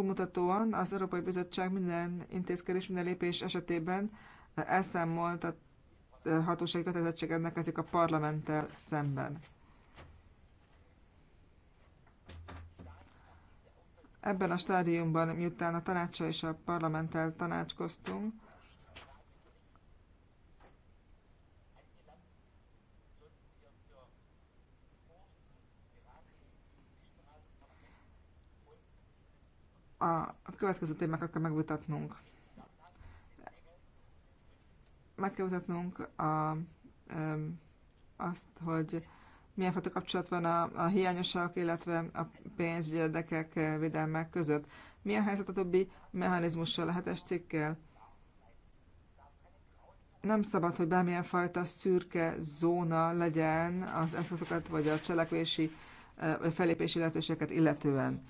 túlmutatóan az Európai Bizottság minden intézkedés, minden lépés esetében eh, elszámolt a eh, hatósági kötelezettség rendelkezik a parlamenttel szemben. Ebben a stádiumban, miután a tanácsa és a parlamenttel tanácskoztunk, a következő témákat kell megmutatnunk, Meg kell mutatnunk a, azt, hogy milyen fajta kapcsolat van a, a hiányosak, illetve a pénzgyerdekek védelmek között. Mi a helyzet a többi mechanizmussal, a hetes cikkel? Nem szabad, hogy bármilyen fajta szürke zóna legyen az eszközöket vagy a cselekvési, eh, vagy a felépési lehetőségeket illetően.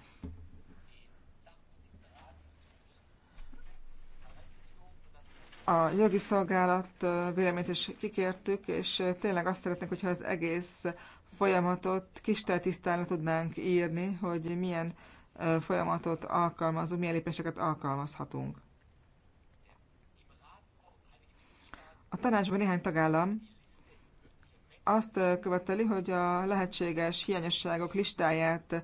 a jogi szolgálat véleményt is kikértük, és tényleg azt szeretnénk, hogyha az egész folyamatot kisteltisztán tudnánk írni, hogy milyen folyamatot alkalmazunk, milyen lépéseket alkalmazhatunk. A tanácsban néhány tagállam azt követeli, hogy a lehetséges hiányosságok listáját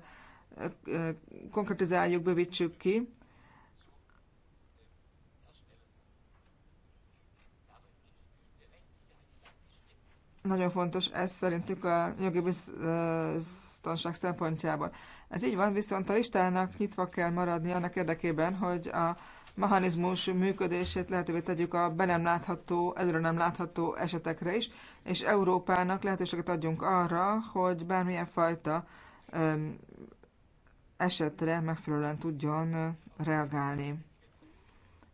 konkretizáljuk, bővítsük ki, Nagyon fontos ez szerintük a jogi biztonság szempontjából. Ez így van, viszont a listának nyitva kell maradni annak érdekében, hogy a mechanizmus működését lehetővé tegyük a be nem látható, előre nem látható esetekre is, és Európának lehetőséget adjunk arra, hogy bármilyen fajta öm, esetre megfelelően tudjon reagálni.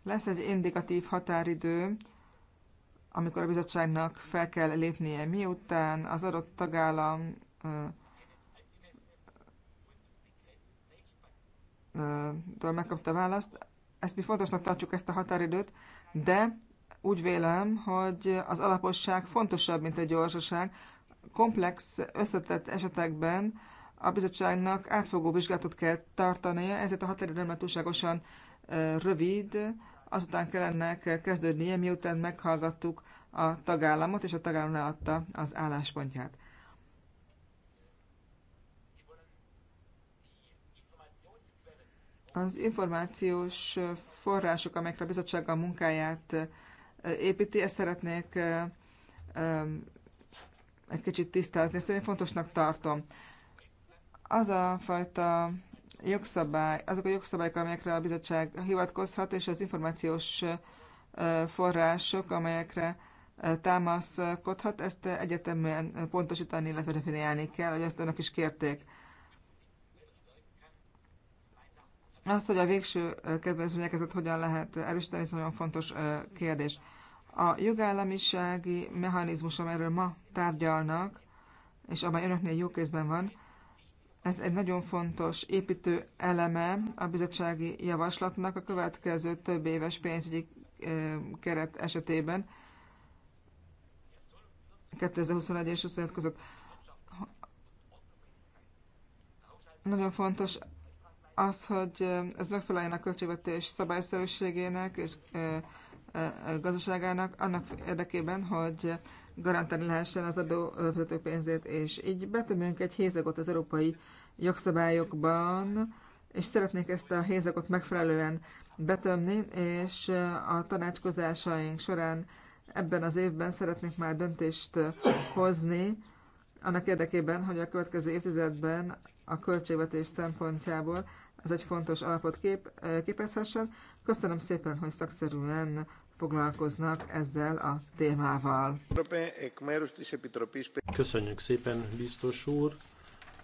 Lesz egy indikatív határidő amikor a bizottságnak fel kell lépnie, miután az adott tagállam től megkapta a választ. Ezt mi fontosnak tartjuk, ezt a határidőt, de úgy vélem, hogy az alaposság fontosabb, mint a gyorsaság. Komplex, összetett esetekben a bizottságnak átfogó vizsgálatot kell tartania, ezért a határidő nem túlságosan rövid, azután kellene kezdődnie, miután meghallgattuk a tagállamot, és a tagállam leadta az álláspontját. Az információs források, amelyekre a bizottság a munkáját építi, ezt szeretnék egy kicsit tisztázni, ezt én fontosnak tartom. Az a fajta jogszabály, azok a jogszabályok, amelyekre a bizottság hivatkozhat, és az információs források, amelyekre támaszkodhat, ezt egyetemben pontosítani, illetve definiálni kell, hogy azt önök is kérték. Az, hogy a végső kedvezményekezet hogyan lehet erősíteni, ez nagyon fontos kérdés. A jogállamisági mechanizmus, amelyről ma tárgyalnak, és amely önöknél jó kézben van, ez egy nagyon fontos építő eleme a bizottsági javaslatnak a következő több éves pénzügyi keret esetében 2021 és 2025 között. Nagyon fontos az, hogy ez megfeleljen a költségvetés szabályszerűségének és gazdaságának annak érdekében, hogy garantálni lehessen az adófizetők pénzét, és így betömünk egy hézagot az európai jogszabályokban, és szeretnék ezt a hézagot megfelelően betömni, és eh, a tanácskozásaink során ebben az évben szeretnék már döntést eh, hozni, annak érdekében, hogy a következő évtizedben a költségvetés szempontjából ez egy fontos alapot kép, eh, képezhessen. Köszönöm szépen, hogy szakszerűen foglalkoznak ezzel a témával. Köszönjük szépen, biztos úr!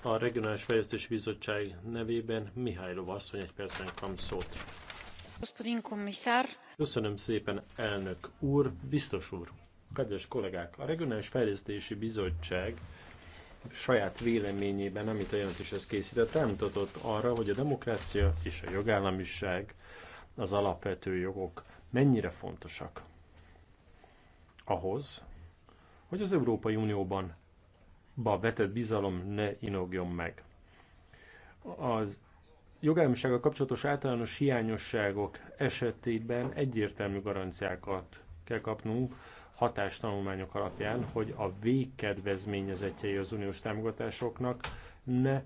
A Regionális Fejlesztési Bizottság nevében Mihálylov asszony egy percben kam szót. Köszönöm szépen, elnök úr, biztos úr! Kedves kollégák, a Regionális Fejlesztési Bizottság saját véleményében, amit a jelentéshez készített, rámutatott arra, hogy a demokrácia és a jogállamiság az alapvető jogok mennyire fontosak ahhoz, hogy az Európai Unióban ba vetett bizalom ne inogjon meg. Az jogállamisággal kapcsolatos általános hiányosságok esetében egyértelmű garanciákat kell kapnunk hatástanulmányok alapján, hogy a végkedvezményezetjei az uniós támogatásoknak ne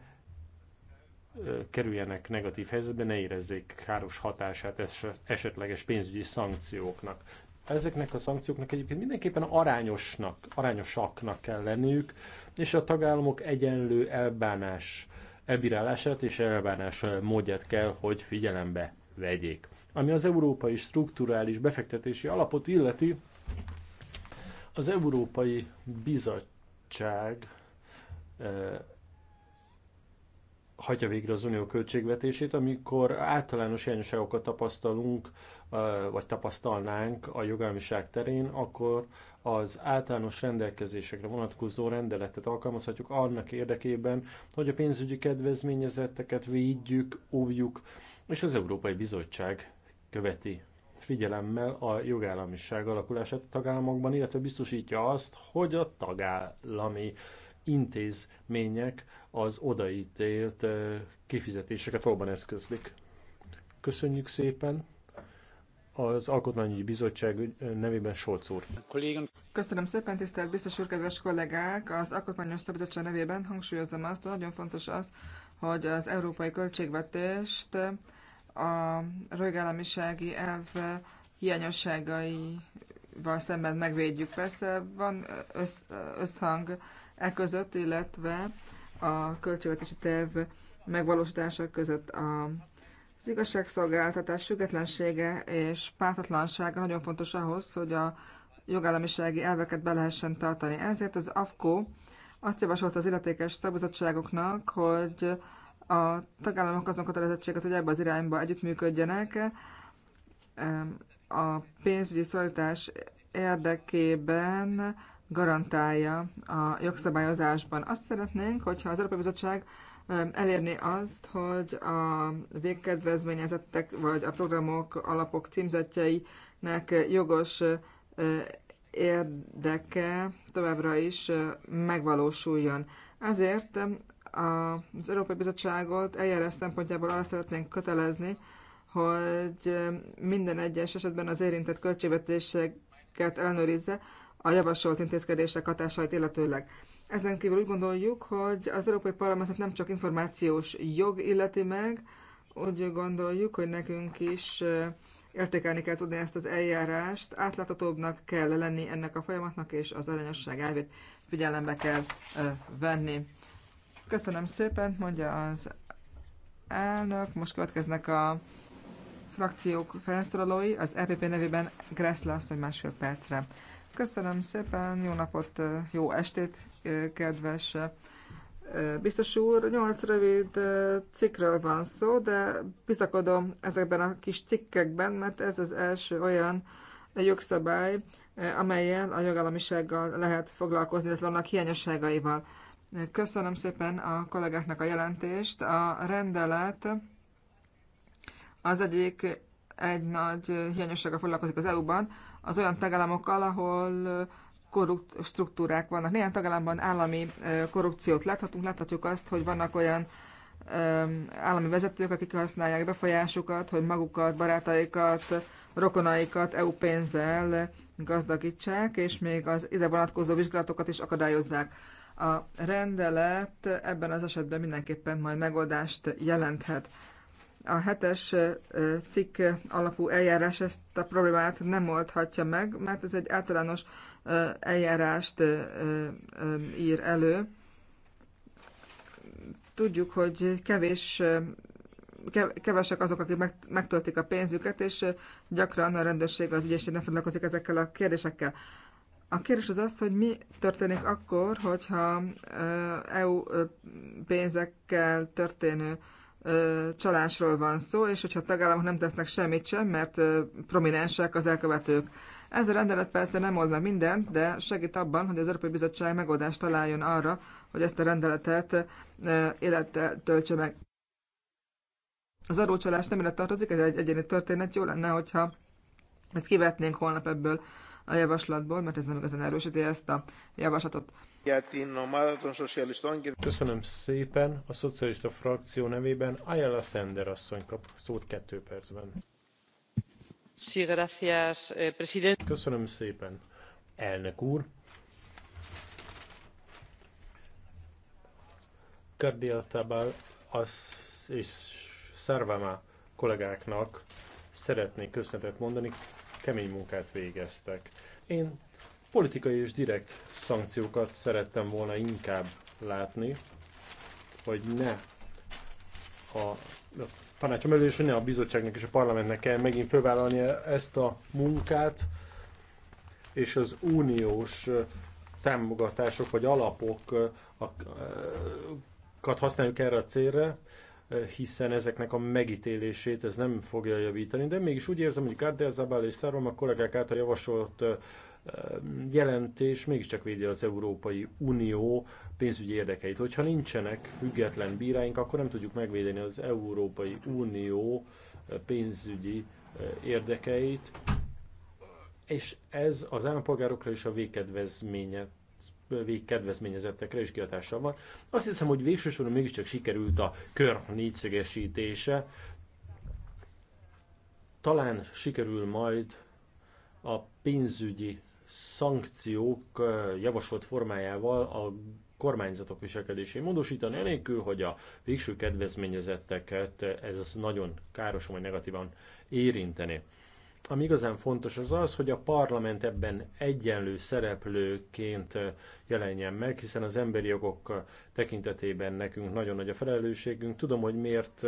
kerüljenek negatív helyzetbe, ne érezzék káros hatását esetleges pénzügyi szankcióknak. Ezeknek a szankcióknak egyébként mindenképpen arányosnak, arányosaknak kell lenniük, és a tagállamok egyenlő elbánás elbírálását és elbánás módját kell, hogy figyelembe vegyék. Ami az európai strukturális befektetési alapot illeti, az Európai Bizottság hagyja végre az unió költségvetését, amikor általános hiányosságokat tapasztalunk, vagy tapasztalnánk a jogállamiság terén, akkor az általános rendelkezésekre vonatkozó rendeletet alkalmazhatjuk annak érdekében, hogy a pénzügyi kedvezményezetteket védjük, óvjuk, és az Európai Bizottság követi figyelemmel a jogállamiság alakulását a tagállamokban, illetve biztosítja azt, hogy a tagállami intézmények az odaítélt eh, kifizetéseket valóban eszközlik. Köszönjük szépen! Az Alkotmányügyi Bizottság eh, nevében Solc úr. Köszönöm szépen, tisztelt biztos úr, kedves kollégák! Az Alkotmányos Szabizottság nevében hangsúlyozom azt, hogy nagyon fontos az, hogy az európai költségvetést a rögállamisági elv hiányosságaival szemben megvédjük. Persze van össz, összhang e között, illetve a költségvetési terv megvalósítása között a az igazságszolgáltatás függetlensége és pártatlansága nagyon fontos ahhoz, hogy a jogállamisági elveket be lehessen tartani. Ezért az AFKO azt javasolta az illetékes szakbizottságoknak, hogy a tagállamok azon kötelezettséget, hogy ebbe az irányba együttműködjenek, a pénzügyi szolgáltatás érdekében garantálja a jogszabályozásban. Azt szeretnénk, hogyha az Európai Bizottság elérni azt, hogy a végkedvezményezettek vagy a programok alapok címzetjeinek jogos érdeke továbbra is megvalósuljon. Ezért az Európai Bizottságot eljárás szempontjából arra szeretnénk kötelezni, hogy minden egyes esetben az érintett költségvetéseket ellenőrizze, a javasolt intézkedések hatásait illetőleg. Ezen kívül úgy gondoljuk, hogy az Európai Parlamentet nem csak információs jog illeti meg, úgy gondoljuk, hogy nekünk is értékelni kell tudni ezt az eljárást, átláthatóbbnak kell lenni ennek a folyamatnak, és az aranyosság elvét figyelembe kell venni. Köszönöm szépen, mondja az elnök. Most következnek a frakciók felszólalói. Az EPP nevében Gressle asszony másfél percre. Köszönöm szépen, jó napot, jó estét, kedves biztos úr. Nyolc rövid cikkről van szó, de bizakodom ezekben a kis cikkekben, mert ez az első olyan jogszabály, amelyen a jogállamisággal lehet foglalkozni, illetve vannak hiányosságaival. Köszönöm szépen a kollégáknak a jelentést. A rendelet az egyik egy nagy hiányossága foglalkozik az EU-ban, az olyan tagállamokkal, ahol korrupt struktúrák vannak. Néhány tagállamban állami korrupciót láthatunk, láthatjuk azt, hogy vannak olyan állami vezetők, akik használják befolyásukat, hogy magukat, barátaikat, rokonaikat EU pénzzel gazdagítsák, és még az ide vonatkozó vizsgálatokat is akadályozzák. A rendelet ebben az esetben mindenképpen majd megoldást jelenthet. A hetes cikk alapú eljárás ezt a problémát nem oldhatja meg, mert ez egy általános eljárást ír elő. Tudjuk, hogy kevés kevesek azok, akik megtöltik a pénzüket, és gyakran a rendőrség az ügyészség nem foglalkozik ezekkel a kérdésekkel. A kérdés az az, hogy mi történik akkor, hogyha EU pénzekkel történő csalásról van szó, és hogyha a tagállamok nem tesznek semmit sem, mert prominensek az elkövetők. Ez a rendelet persze nem old meg mindent, de segít abban, hogy az Európai Bizottság megoldást találjon arra, hogy ezt a rendeletet élettel töltse meg. Az adócsalás nem ide tartozik, ez egy egyéni történet. Jó lenne, hogyha ezt kivetnénk holnap ebből a javaslatból, mert ez nem igazán erősíti ezt a javaslatot. Köszönöm szépen. A szocialista frakció nevében Ayala Sender asszony kap szót kettő percben. Eh, Köszönöm szépen, elnök úr. Kardia Tabal és Szarvama kollégáknak szeretnék köszönetet mondani, kemény munkát végeztek. Én Politikai és direkt szankciókat szerettem volna inkább látni, hogy ne a tanácsom elő, és ne a bizottságnak és a parlamentnek kell megint fölvállalni ezt a munkát, és az uniós támogatások vagy alapokat használjuk erre a célra, hiszen ezeknek a megítélését ez nem fogja javítani, de mégis úgy érzem, hogy Gárdel Zabál és Szárom a kollégák által javasolt jelentés mégiscsak védi az Európai Unió pénzügyi érdekeit. Hogyha nincsenek független bíráink, akkor nem tudjuk megvédeni az Európai Unió pénzügyi eh, érdekeit, és ez az állampolgárokra és a végkedvezményezettekre is kihatással van. Azt hiszem, hogy végső soron mégiscsak sikerült a kör négyszögesítése. Talán sikerül majd a pénzügyi szankciók javasolt formájával a kormányzatok viselkedését módosítani, anélkül, hogy a végső kedvezményezetteket ez az nagyon káros vagy negatívan érinteni. Ami igazán fontos az az, hogy a parlament ebben egyenlő szereplőként jelenjen meg, hiszen az emberi jogok tekintetében nekünk nagyon nagy a felelősségünk. Tudom, hogy miért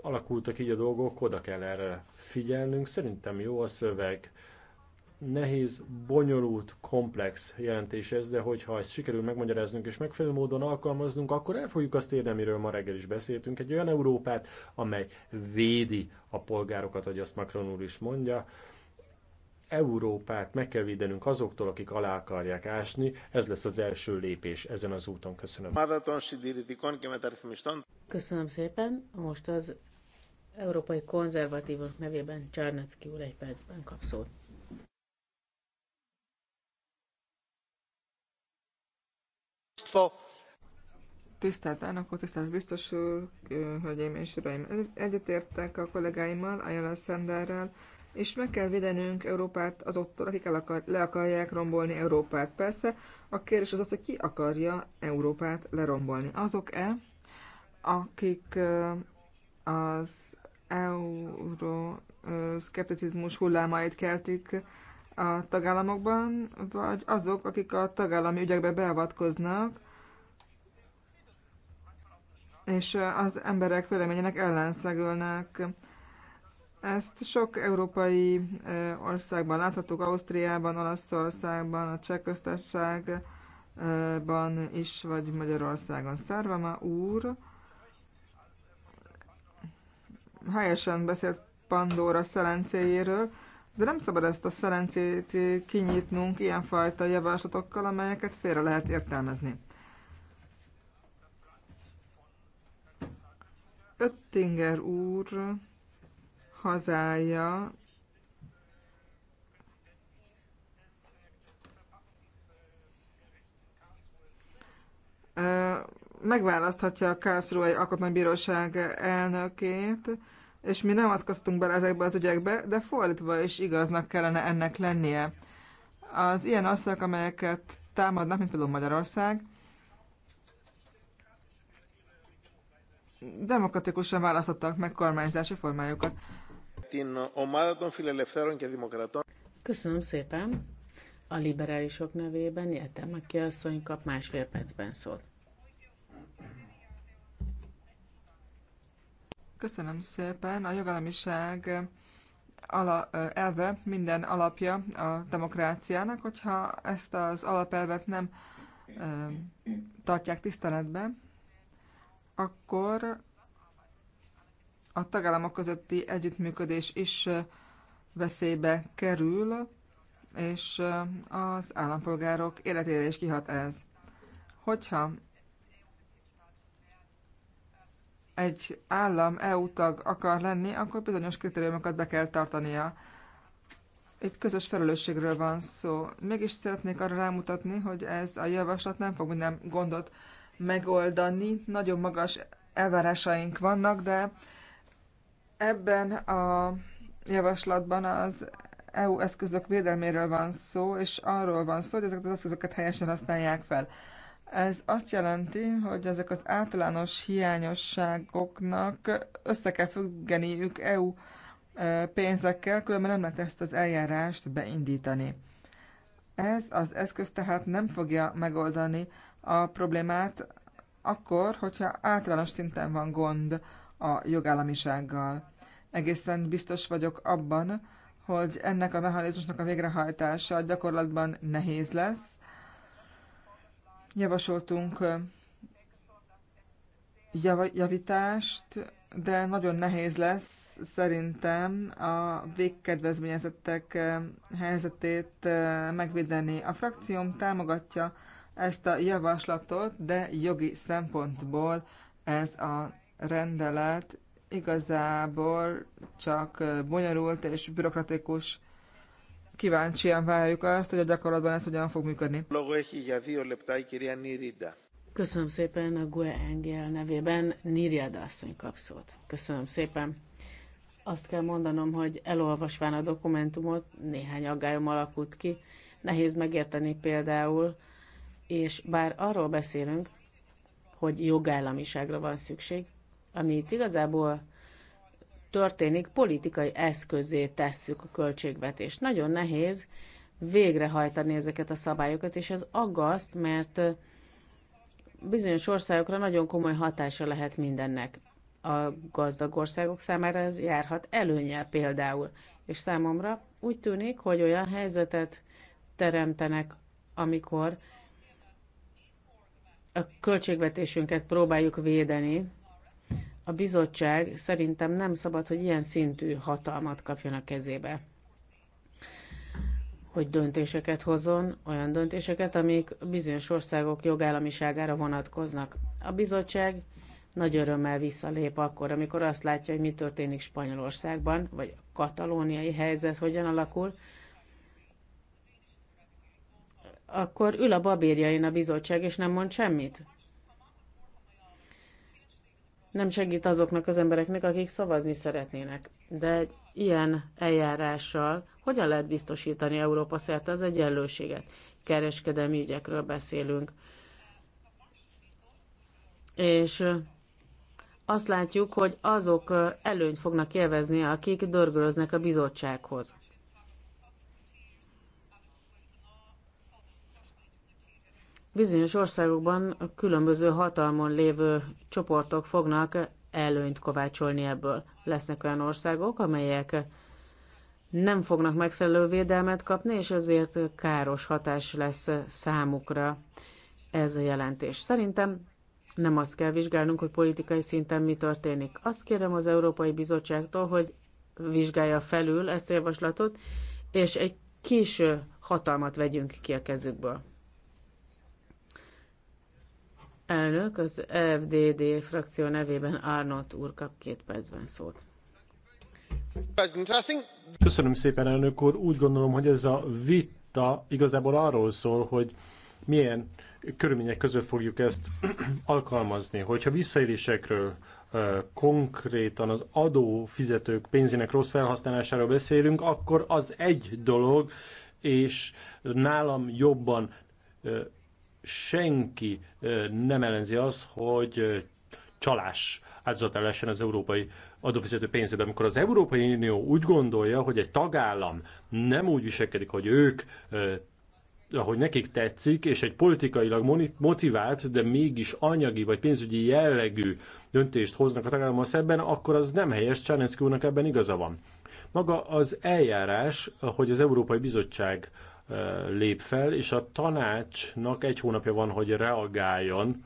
alakultak így a dolgok, oda kell erre figyelnünk. Szerintem jó a szöveg, nehéz, bonyolult, komplex jelentés ez, de hogyha ezt sikerül megmagyaráznunk és megfelelő módon alkalmaznunk, akkor el fogjuk azt érni, amiről ma reggel is beszéltünk, egy olyan Európát, amely védi a polgárokat, ahogy azt Macron úr is mondja, Európát meg kell védenünk azoktól, akik alá akarják ásni. Ez lesz az első lépés ezen az úton. Köszönöm. Köszönöm szépen. Most az Európai Konzervatívok nevében Csarnacki úr egy percben kap szót. Tisztelt elnök úr, tisztelt biztos úr, hölgyeim és uraim, egyetértek a kollégáimmal, a Sanderrel, és meg kell védenünk Európát azoktól, akik el akar, le akarják rombolni Európát. Persze a kérdés az az, hogy ki akarja Európát lerombolni. Azok-e, akik az euroszkepticizmus hullámait keltik a tagállamokban, vagy azok, akik a tagállami ügyekbe beavatkoznak, és az emberek véleményének ellenszegülnek. Ezt sok európai országban láthatók, Ausztriában, Olaszországban, a Cseh köztársaságban is, vagy Magyarországon. Szárvama úr helyesen beszélt Pandora szelencéjéről, de nem szabad ezt a szerencét kinyitnunk ilyenfajta javaslatokkal, amelyeket félre lehet értelmezni. Öttinger úr hazája megválaszthatja a Kászrói Alkotmánybíróság elnökét, és mi nem adkoztunk bele ezekbe az ügyekbe, de fordítva is igaznak kellene ennek lennie. Az ilyen országok, amelyeket támadnak, mint például Magyarország, demokratikusan választottak meg kormányzási formájukat. Köszönöm szépen. A liberálisok nevében Jelte Maki asszony kap másfél percben szót. Köszönöm szépen. A jogállamiság ala, elve minden alapja a demokráciának, hogyha ezt az alapelvet nem tartják tiszteletbe, akkor a tagállamok közötti együttműködés is veszélybe kerül, és az állampolgárok életére is kihat ez. Hogyha egy állam EU tag akar lenni, akkor bizonyos kritériumokat be kell tartania. Itt közös felelősségről van szó. Mégis szeretnék arra rámutatni, hogy ez a javaslat nem fog minden gondot megoldani. Nagyon magas elvárásaink vannak, de ebben a javaslatban az EU eszközök védelméről van szó, és arról van szó, hogy ezeket az eszközöket helyesen használják fel. Ez azt jelenti, hogy ezek az általános hiányosságoknak össze kell függeniük EU e, pénzekkel, különben nem lehet ezt az eljárást beindítani. Ez az eszköz tehát nem fogja megoldani a problémát akkor, hogyha általános szinten van gond a jogállamisággal. Egészen biztos vagyok abban, hogy ennek a mechanizmusnak a végrehajtása gyakorlatban nehéz lesz, javasoltunk javítást, de nagyon nehéz lesz szerintem a végkedvezményezettek helyzetét megvédeni. A frakcióm támogatja ezt a javaslatot, de jogi szempontból ez a rendelet igazából csak bonyolult és bürokratikus kíváncsian várjuk azt, hogy a gyakorlatban ez hogyan fog működni. Köszönöm szépen a GUE Engel nevében. Niriada asszony kap szót. Köszönöm szépen. Azt kell mondanom, hogy elolvasván a dokumentumot néhány aggályom alakult ki. Nehéz megérteni például, és bár arról beszélünk, hogy jogállamiságra van szükség, ami itt igazából történik, politikai eszközé tesszük a költségvetést. Nagyon nehéz végrehajtani ezeket a szabályokat, és ez aggaszt, mert bizonyos országokra nagyon komoly hatása lehet mindennek. A gazdag országok számára ez járhat előnyel például, és számomra úgy tűnik, hogy olyan helyzetet teremtenek, amikor a költségvetésünket próbáljuk védeni, a bizottság szerintem nem szabad, hogy ilyen szintű hatalmat kapjon a kezébe. Hogy döntéseket hozzon, olyan döntéseket, amik bizonyos országok jogállamiságára vonatkoznak. A bizottság nagy örömmel visszalép akkor, amikor azt látja, hogy mi történik Spanyolországban, vagy a katalóniai helyzet hogyan alakul, akkor ül a babérjain a bizottság, és nem mond semmit nem segít azoknak az embereknek, akik szavazni szeretnének. De egy ilyen eljárással hogyan lehet biztosítani Európa szerte az egyenlőséget? Kereskedelmi ügyekről beszélünk. És azt látjuk, hogy azok előnyt fognak élvezni, akik dörgölöznek a bizottsághoz. Bizonyos országokban a különböző hatalmon lévő csoportok fognak előnyt kovácsolni ebből. Lesznek olyan országok, amelyek nem fognak megfelelő védelmet kapni, és ezért káros hatás lesz számukra ez a jelentés. Szerintem nem azt kell vizsgálnunk, hogy politikai szinten mi történik. Azt kérem az Európai Bizottságtól, hogy vizsgálja felül ezt a javaslatot, és egy kis hatalmat vegyünk ki a kezükből. Elnök, az FDD frakció nevében Arnold úr kap két percben szót. Köszönöm szépen, elnök úr. Úgy gondolom, hogy ez a vita igazából arról szól, hogy milyen körülmények között fogjuk ezt alkalmazni. Hogyha visszaélésekről konkrétan az adófizetők pénzének rossz felhasználásáról beszélünk, akkor az egy dolog, és nálam jobban senki nem ellenzi azt, hogy csalás áldozatá lesen az európai adófizető pénzed. Amikor az Európai Unió úgy gondolja, hogy egy tagállam nem úgy viselkedik, hogy ők ahogy nekik tetszik, és egy politikailag motivált, de mégis anyagi vagy pénzügyi jellegű döntést hoznak a tagállammal szemben, akkor az nem helyes, Csánenszki úrnak ebben igaza van. Maga az eljárás, hogy az Európai Bizottság lép fel, és a tanácsnak egy hónapja van, hogy reagáljon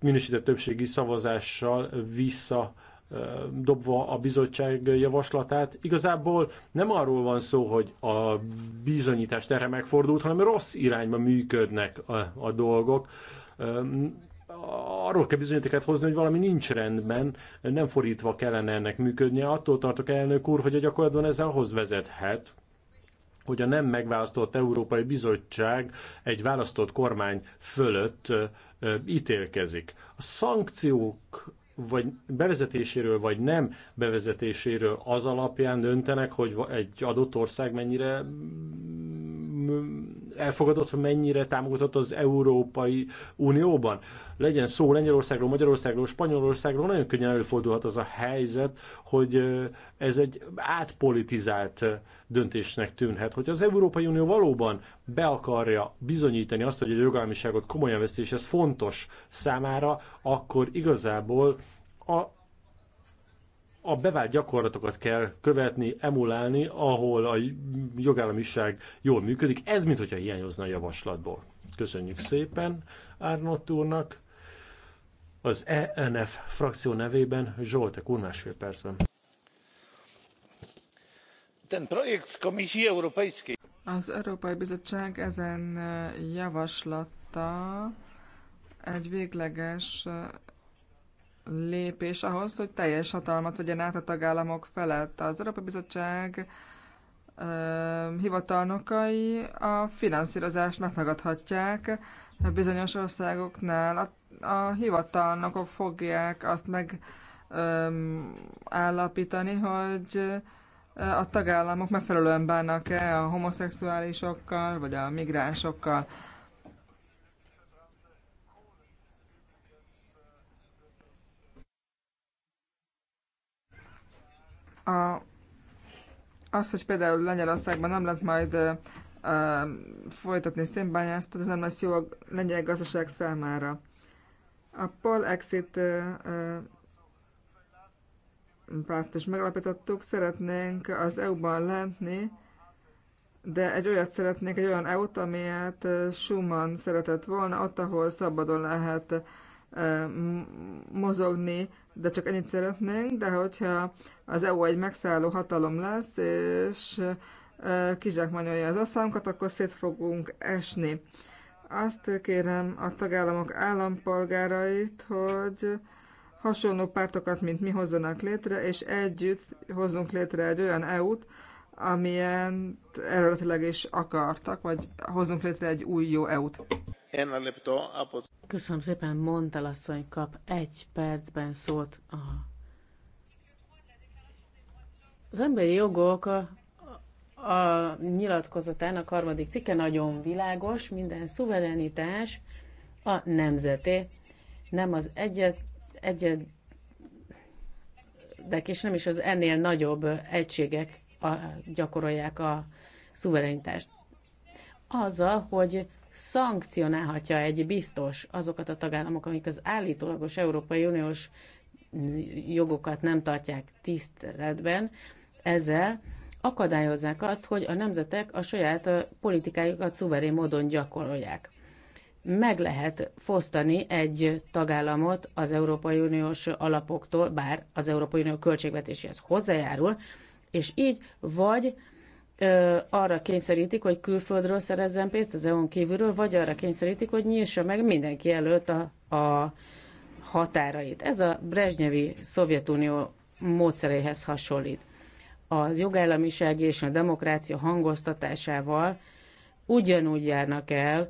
minősített többségi szavazással vissza dobva a bizottság javaslatát. Igazából nem arról van szó, hogy a bizonyítás erre megfordult, hanem rossz irányba működnek a, a dolgok. Arról kell bizonyítéket hozni, hogy valami nincs rendben, nem fordítva kellene ennek működnie. Attól tartok elnök úr, hogy a gyakorlatban ez ahhoz vezethet, hogy a nem megválasztott Európai Bizottság egy választott kormány fölött ítélkezik. A szankciók vagy bevezetéséről, vagy nem bevezetéséről az alapján döntenek, hogy egy adott ország mennyire elfogadott, hogy mennyire támogatott az Európai Unióban. Legyen szó Lengyelországról, Magyarországról, Spanyolországról, nagyon könnyen előfordulhat az a helyzet, hogy ez egy átpolitizált döntésnek tűnhet. Hogy az Európai Unió valóban be akarja bizonyítani azt, hogy a jogállamiságot komolyan veszi, és ez fontos számára, akkor igazából a a bevált gyakorlatokat kell követni, emulálni, ahol a jogállamiság jól működik. Ez, mint hogyha hiányozna a javaslatból. Köszönjük szépen Árnott úrnak. Az ENF frakció nevében Zsolt, a másfél percben. Ten projekt Komisji Europejskiej. Az Európai Bizottság ezen javaslata egy végleges lépés ahhoz, hogy teljes hatalmat vegyen át a tagállamok felett. Az Európai Bizottság hivatalnokai a finanszírozást megtagadhatják bizonyos országoknál. A, a hivatalnokok fogják azt megállapítani, hogy a tagállamok megfelelően bánnak-e a homoszexuálisokkal, vagy a migránsokkal. A, az, hogy például Lengyelországban nem lehet majd uh, folytatni szénbányászat, ez nem lesz jó a lengyel gazdaság számára. A Paul Exit párt is megalapítottuk, szeretnénk az EU-ban lenni, de egy olyat szeretnék, egy olyan EU-t, amilyet Schumann szeretett volna, ott, ahol szabadon lehet mozogni, de csak ennyit szeretnénk, de hogyha az EU egy megszálló hatalom lesz, és kizsákmányolja az asszámunkat, akkor szét fogunk esni. Azt kérem a tagállamok állampolgárait, hogy hasonló pártokat, mint mi hozzanak létre, és együtt hozzunk létre egy olyan EU-t, amilyen eredetileg is akartak, vagy hozzunk létre egy új jó EU-t. Köszönöm szépen, Montel asszony kap egy percben szót. Aha. Az emberi jogok a, a nyilatkozatának harmadik cikke nagyon világos, minden szuverenitás a nemzeté, nem az egyet, egyet de és nem is az ennél nagyobb egységek a, gyakorolják a szuverenitást. Azzal, hogy szankcionálhatja egy biztos azokat a tagállamok, amik az állítólagos Európai Uniós jogokat nem tartják tiszteletben, ezzel akadályozzák azt, hogy a nemzetek a saját politikájukat szuverén módon gyakorolják. Meg lehet fosztani egy tagállamot az Európai Uniós alapoktól, bár az Európai Unió költségvetéséhez hozzájárul, és így vagy arra kényszerítik, hogy külföldről szerezzen pénzt az EU-n kívülről, vagy arra kényszerítik, hogy nyissa meg mindenki előtt a, a határait. Ez a Brezsnyevi Szovjetunió módszeréhez hasonlít. A jogállamiság és a demokrácia hangoztatásával ugyanúgy járnak el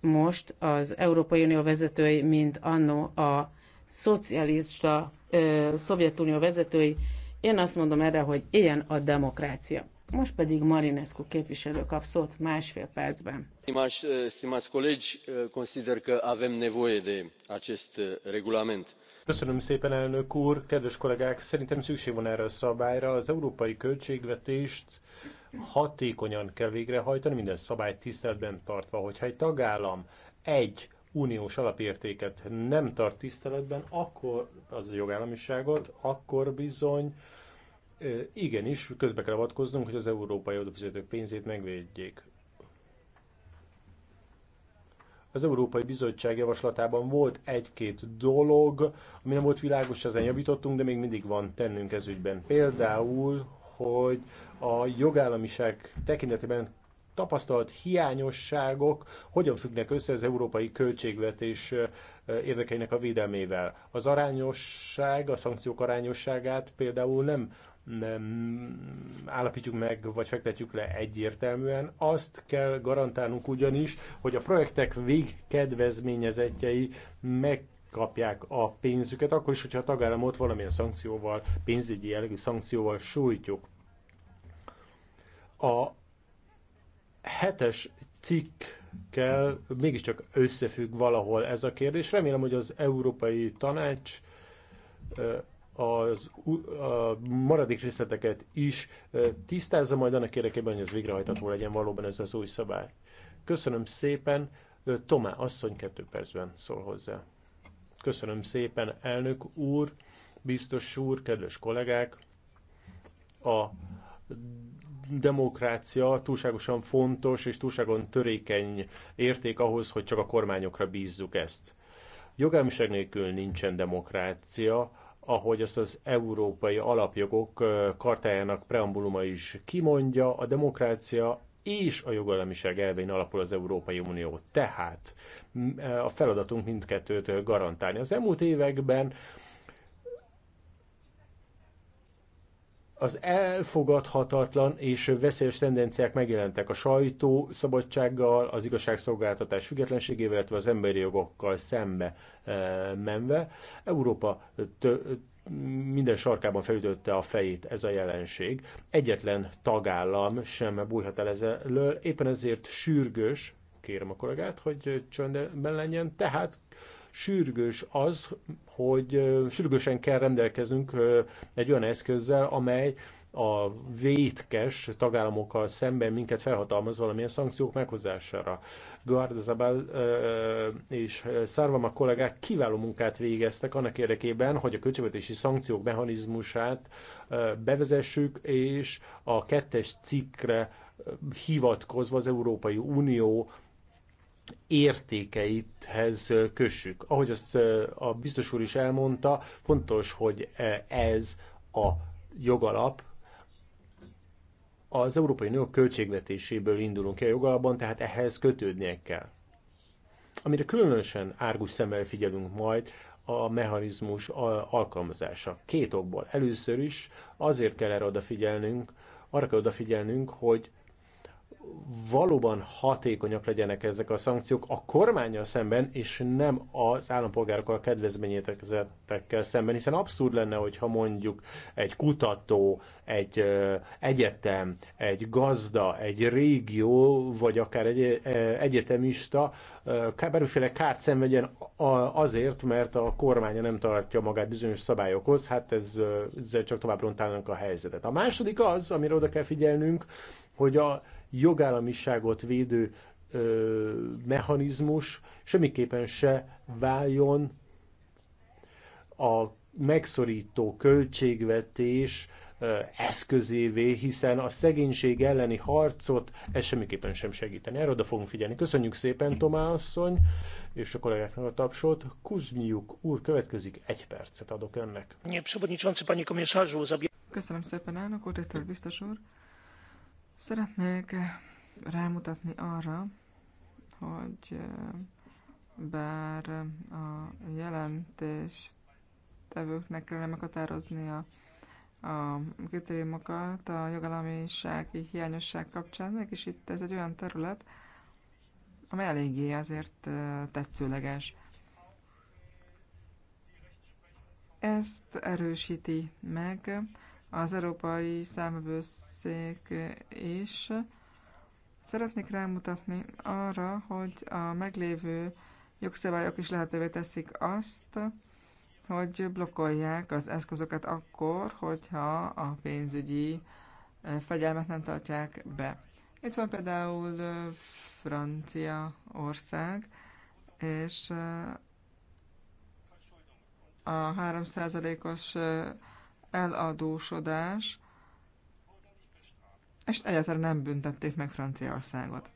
most az Európai Unió vezetői, mint annó a szocialista ö, Szovjetunió vezetői. Én azt mondom erre, hogy ilyen a demokrácia. Most pedig Marinescu képviselő kap szót másfél percben. Stimați, eh, stimați colegi, eh, consider că avem nevoie de acest eh, regulament. Köszönöm szépen, elnök úr! Kedves kollégák, szerintem szükség van erre a szabályra. Az európai költségvetést hatékonyan kell végrehajtani, minden szabályt tiszteletben tartva. Hogyha egy tagállam egy uniós alapértéket nem tart tiszteletben, akkor az a jogállamiságot, akkor bizony igenis, közbe kell avatkoznunk, hogy az európai adófizetők pénzét megvédjék. Az Európai Bizottság javaslatában volt egy-két dolog, ami nem volt világos, ezen javítottunk, de még mindig van tennünk ez ügyben. Például, hogy a jogállamiság tekintetében tapasztalt hiányosságok hogyan függnek össze az európai költségvetés érdekeinek a védelmével. Az arányosság, a szankciók arányosságát például nem állapítjuk meg, vagy fektetjük le egyértelműen. Azt kell garantálnunk ugyanis, hogy a projektek végkedvezményezetjei megkapják a pénzüket, akkor is, hogyha a tagállamot valamilyen szankcióval, pénzügyi jellegű szankcióval sújtjuk. A hetes cikkkel mégiscsak összefügg valahol ez a kérdés. Remélem, hogy az Európai Tanács az, a maradék részleteket is tisztázza majd annak érdekében, hogy az végrehajtható legyen valóban ez az új szabály. Köszönöm szépen, Tomá asszony kettő percben szól hozzá. Köszönöm szépen, elnök úr, biztos úr, kedves kollégák! A demokrácia túlságosan fontos és túlságon törékeny érték ahhoz, hogy csak a kormányokra bízzuk ezt. Jogelmiség nélkül nincsen demokrácia, ahogy azt az európai alapjogok kartájának preambuluma is kimondja, a demokrácia és a jogállamiság elvein alapul az Európai Unió. Tehát a feladatunk mindkettőt garantálni. Az elmúlt években az elfogadhatatlan és veszélyes tendenciák megjelentek a sajtó szabadsággal, az igazságszolgáltatás függetlenségével, illetve az emberi jogokkal szembe eh, menve. Európa minden sarkában felütötte a fejét ez a jelenség. Egyetlen tagállam sem bújhat el ezzelől, éppen ezért sürgős, kérem a kollégát, hogy csöndben legyen, tehát sürgős az, hogy sürgősen kell rendelkeznünk egy olyan eszközzel, amely a vétkes tagállamokkal szemben minket felhatalmaz valamilyen szankciók meghozására. Guarda Zabel és Szárvama kollégák kiváló munkát végeztek annak érdekében, hogy a költségvetési szankciók mechanizmusát bevezessük, és a kettes cikkre hivatkozva az Európai Unió értékeithez kössük. Ahogy azt a biztos úr is elmondta, fontos, hogy ez a jogalap az Európai Unió költségvetéséből indulunk ki a jogalapban, tehát ehhez kötődnie kell. Amire különösen árgus szemmel figyelünk majd, a mechanizmus alkalmazása. Két okból. Először is azért kell erre odafigyelnünk, arra kell odafigyelnünk, hogy valóban hatékonyak legyenek ezek a szankciók a kormányjal szemben, és nem az állampolgárokkal kedvezményezettekkel szemben, hiszen abszurd lenne, hogyha mondjuk egy kutató, egy ö, egyetem, egy gazda, egy régió, vagy akár egy ö, egyetemista ö, bármiféle kárt szenvedjen azért, mert a kormánya nem tartja magát bizonyos szabályokhoz, hát ez, ez csak tovább rontálnak a helyzetet. A második az, amire oda kell figyelnünk, hogy a jogállamiságot védő mechanizmus semmiképpen se váljon a megszorító költségvetés eszközévé, hiszen a szegénység elleni harcot ez semmiképpen sem segíteni. Erre oda fogunk figyelni. Köszönjük szépen, Tomá asszony, és a kollégáknak a tapsot. Kuzmiuk úr, következik egy percet adok önnek. Köszönöm szépen, elnök úr, biztos úr. Szeretnék rámutatni arra, hogy eh, bár a jelentés tevőknek kellene meghatározni a, a kritériumokat a jogalamisági hiányosság kapcsán, mégis itt ez egy olyan terület, amely eléggé azért eh, tetszőleges. Ezt erősíti meg az Európai Számövőszék is. Szeretnék rámutatni arra, hogy a meglévő jogszabályok is lehetővé teszik azt, hogy blokkolják az eszközöket akkor, hogyha a pénzügyi fegyelmet nem tartják be. Itt van például Franciaország, és a 3%-os eladósodás, és egyáltalán nem büntették meg Franciaországot.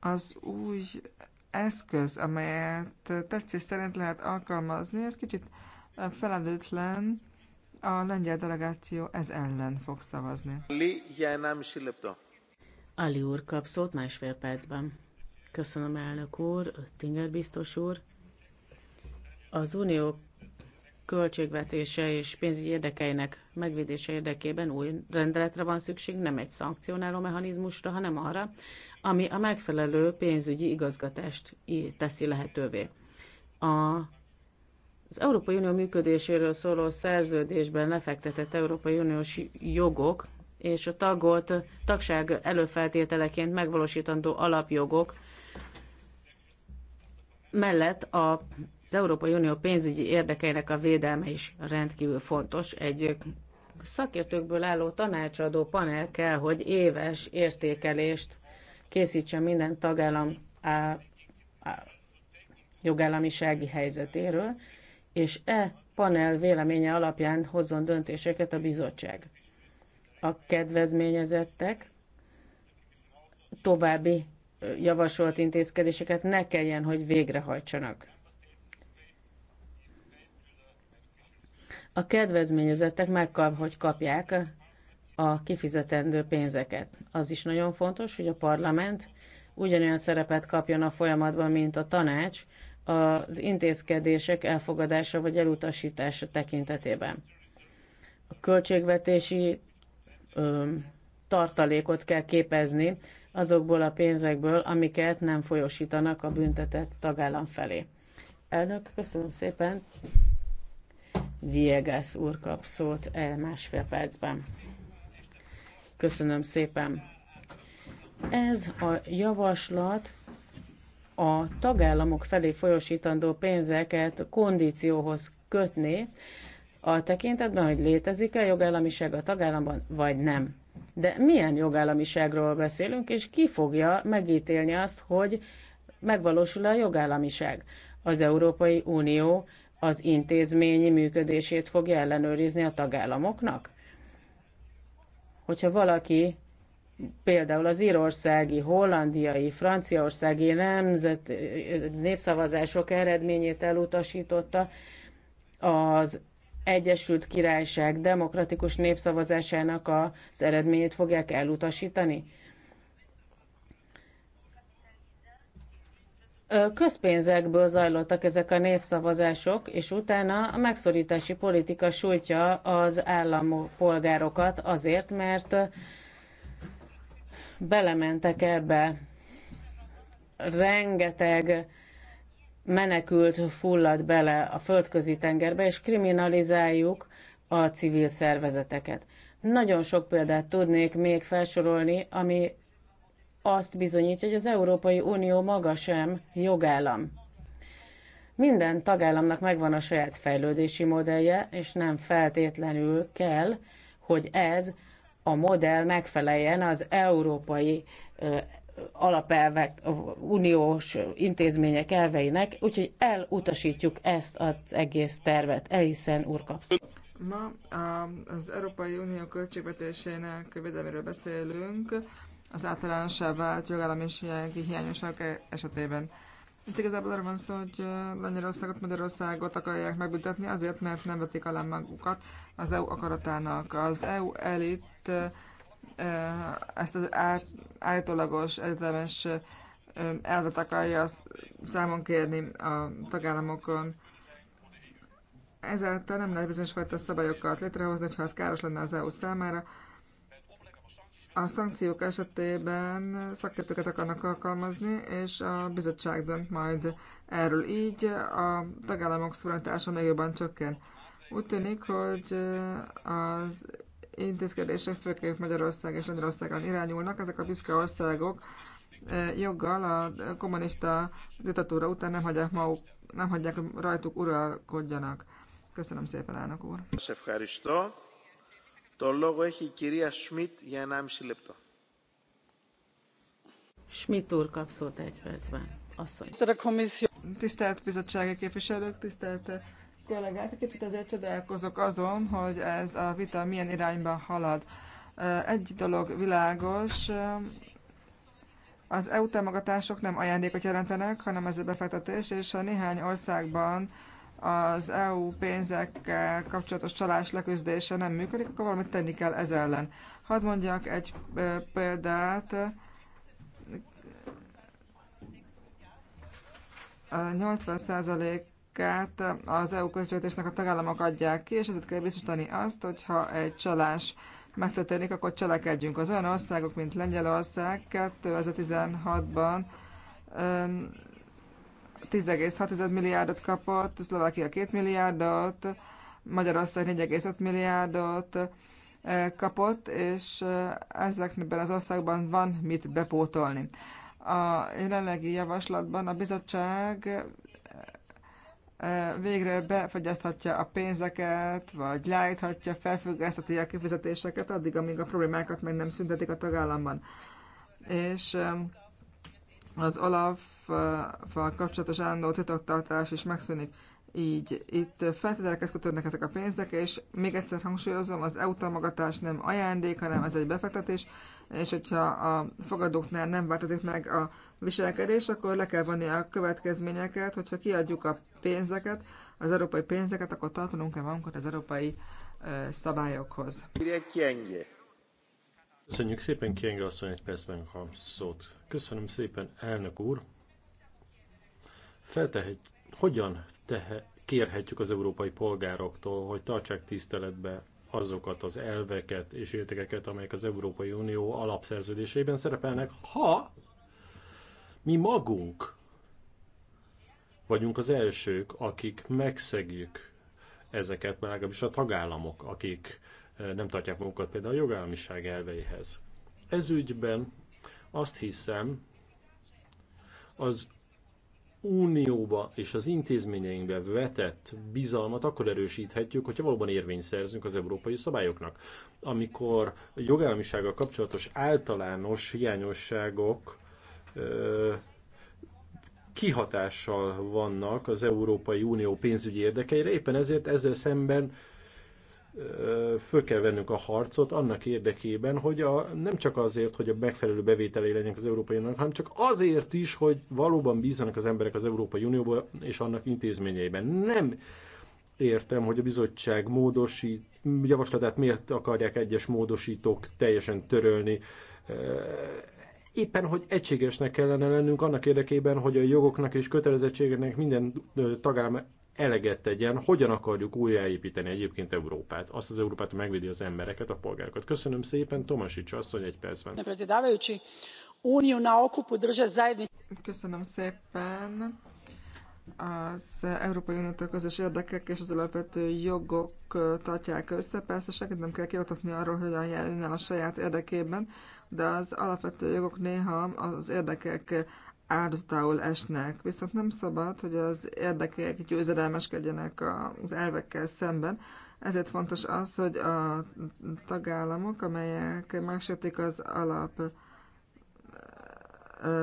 Az új eszköz, amelyet tetszés szerint lehet alkalmazni, ez kicsit felelőtlen, a lengyel delegáció ez ellen fog szavazni. Ali úr kap szót másfél percben. Köszönöm, elnök úr, Tinger biztos úr. Az unió költségvetése és pénzügyi érdekeinek megvédése érdekében új rendeletre van szükség, nem egy szankcionáló mechanizmusra, hanem arra, ami a megfelelő pénzügyi igazgatást teszi lehetővé. A, az Európai Unió működéséről szóló szerződésben lefektetett Európai Uniós jogok és a tagot, tagság előfeltételeként megvalósítandó alapjogok mellett a az Európai Unió pénzügyi érdekeinek a védelme is rendkívül fontos. Egy szakértőkből álló tanácsadó panel kell, hogy éves értékelést készítsen minden tagállam a, a jogállamisági helyzetéről, és e panel véleménye alapján hozzon döntéseket a bizottság. A kedvezményezettek további javasolt intézkedéseket ne kelljen, hogy végrehajtsanak. A kedvezményezettek megkap, hogy kapják a kifizetendő pénzeket. Az is nagyon fontos, hogy a parlament ugyanolyan szerepet kapjon a folyamatban, mint a tanács az intézkedések elfogadása vagy elutasítása tekintetében. A költségvetési ö, tartalékot kell képezni azokból a pénzekből, amiket nem folyosítanak a büntetett tagállam felé. Elnök, köszönöm szépen. Viegas úr kap szót el másfél percben. Köszönöm szépen. Ez a javaslat a tagállamok felé folyosítandó pénzeket kondícióhoz kötni, a tekintetben, hogy létezik-e jogállamiság a tagállamban, vagy nem. De milyen jogállamiságról beszélünk, és ki fogja megítélni azt, hogy megvalósul a jogállamiság? Az Európai Unió az intézményi működését fogja ellenőrizni a tagállamoknak? Hogyha valaki például az írországi, hollandiai, franciaországi nemzet népszavazások eredményét elutasította, az Egyesült Királyság demokratikus népszavazásának az eredményét fogják elutasítani? Közpénzekből zajlottak ezek a népszavazások, és utána a megszorítási politika sújtja az állampolgárokat azért, mert belementek ebbe rengeteg menekült fullad bele a földközi tengerbe, és kriminalizáljuk a civil szervezeteket. Nagyon sok példát tudnék még felsorolni, ami azt bizonyítja, hogy az Európai Unió maga sem jogállam. Minden tagállamnak megvan a saját fejlődési modellje, és nem feltétlenül kell, hogy ez a modell megfeleljen az európai alapelvek, uniós intézmények elveinek, úgyhogy elutasítjuk ezt az egész tervet. Eliszen úr Ma az Európai Unió költségvetésének védelméről beszélünk, az általánosá vált jogállamisági hiányosak esetében. Itt igazából arra van szó, hogy Lengyelországot, Magyarországot akarják megbüntetni azért, mert nem vetik alá magukat az EU akaratának. Az EU elit Eh, ezt az állítólagos egyetemes eh, elvet akarja számon kérni a tagállamokon. Ezáltal nem lehet bizonyos fajta szabályokat létrehozni, ha az káros lenne az EU számára. A szankciók esetében szakértőket akarnak alkalmazni, és a bizottság dönt majd erről. Így a tagállamok szuverenitása még jobban csökken. Úgy tűnik, hogy eh, az intézkedések főként Magyarország és Lengyelországon irányulnak. Ezek a büszke országok eh, joggal a kommunista diktatúra után nem hagyják, maguk, nem hagyják, hogy rajtuk uralkodjanak. Köszönöm szépen, elnök úr. Schmidt úr kap szót egy percben. Asszony. Tisztelt bizottsági képviselők, tisztelt kollégák, egy kicsit azért csodálkozok azon, hogy ez a vita milyen irányba halad. Egy dolog világos, az EU támogatások nem ajándékot jelentenek, hanem ez a befektetés, és ha néhány országban az EU pénzekkel kapcsolatos csalás leküzdése nem működik, akkor valamit tenni kell ez ellen. Hadd mondjak egy példát át az EU költségvetésnek a tagállamok adják ki, és ezért kell biztosítani azt, hogyha egy csalás megtörténik, akkor cselekedjünk. Az olyan országok, mint Lengyelország 2016-ban 10,6 milliárdot kapott, Szlovákia 2 milliárdot, Magyarország 4,5 milliárdot kapott, és ezekben az országban van mit bepótolni. A jelenlegi javaslatban a bizottság végre befogyaszthatja a pénzeket, vagy leállíthatja, felfüggesztheti a kifizetéseket addig, amíg a problémákat meg nem szüntetik a tagállamban. És az Olaf-val kapcsolatos állandó titoktartás is megszűnik. Így itt feltételekhez kötődnek ezek a pénzek, és még egyszer hangsúlyozom, az EU támogatás nem ajándék, hanem ez egy befektetés, és hogyha a fogadóknál nem változik meg a viselkedés, akkor le kell vonni a következményeket, hogyha kiadjuk a pénzeket, az európai pénzeket, akkor tartanunk kell magunkat az európai uh, szabályokhoz. Köszönjük szépen, Kienge asszony, egy percben a szót. Köszönöm szépen, elnök úr. Feltehet, hogyan tehe, kérhetjük az európai polgároktól, hogy tartsák tiszteletbe azokat az elveket és értékeket, amelyek az Európai Unió alapszerződésében szerepelnek, ha mi magunk vagyunk az elsők, akik megszegjük ezeket, mert legalábbis a tagállamok, akik eh, nem tartják magukat például a jogállamiság elveihez. Ez ügyben azt hiszem, az unióba és az intézményeinkbe vetett bizalmat akkor erősíthetjük, hogyha valóban érvényt szerzünk az európai szabályoknak. Amikor jogállamisággal kapcsolatos általános hiányosságok kihatással vannak az Európai Unió pénzügyi érdekeire, éppen ezért ezzel szemben föl kell vennünk a harcot annak érdekében, hogy a, nem csak azért, hogy a megfelelő bevételei legyenek az Európai Uniónak, hanem csak azért is, hogy valóban bízzanak az emberek az Európai Unióba és annak intézményeiben. Nem értem, hogy a bizottság módosít, javaslatát miért akarják egyes módosítók teljesen törölni éppen, hogy egységesnek kellene lennünk annak érdekében, hogy a jogoknak és kötelezettségeknek minden tagállam eleget tegyen, hogyan akarjuk újjáépíteni egyébként Európát. Azt az Európát megvédi az embereket, a polgárokat. Köszönöm szépen, Tomasics asszony egy percben. Köszönöm szépen az Európai Uniótól közös érdekek és az alapvető jogok tartják össze. Persze senkit nem kell kioktatni arról, hogy hogyan el a saját érdekében, de az alapvető jogok néha az érdekek áldozatául esnek. Viszont nem szabad, hogy az érdekek győzedelmeskedjenek az elvekkel szemben. Ezért fontos az, hogy a tagállamok, amelyek megsértik az alap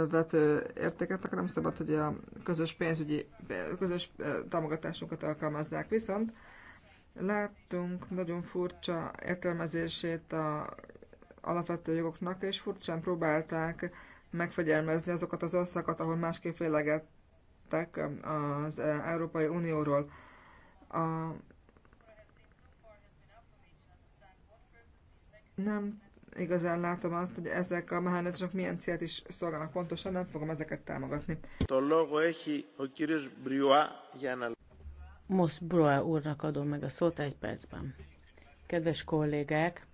vető értéket, akkor nem szabad, hogy a közös pénzügyi, közös támogatásunkat alkalmazzák. Viszont láttunk nagyon furcsa értelmezését a alapvető jogoknak, és furcsán próbálták megfegyelmezni azokat az országokat, ahol másképp félegettek az Európai Unióról. A nem igazán látom azt, hogy ezek a mechanizmusok milyen célt is szolgálnak pontosan, nem fogom ezeket támogatni. Most Broa úrnak adom meg a szót egy percben. Kedves kollégák,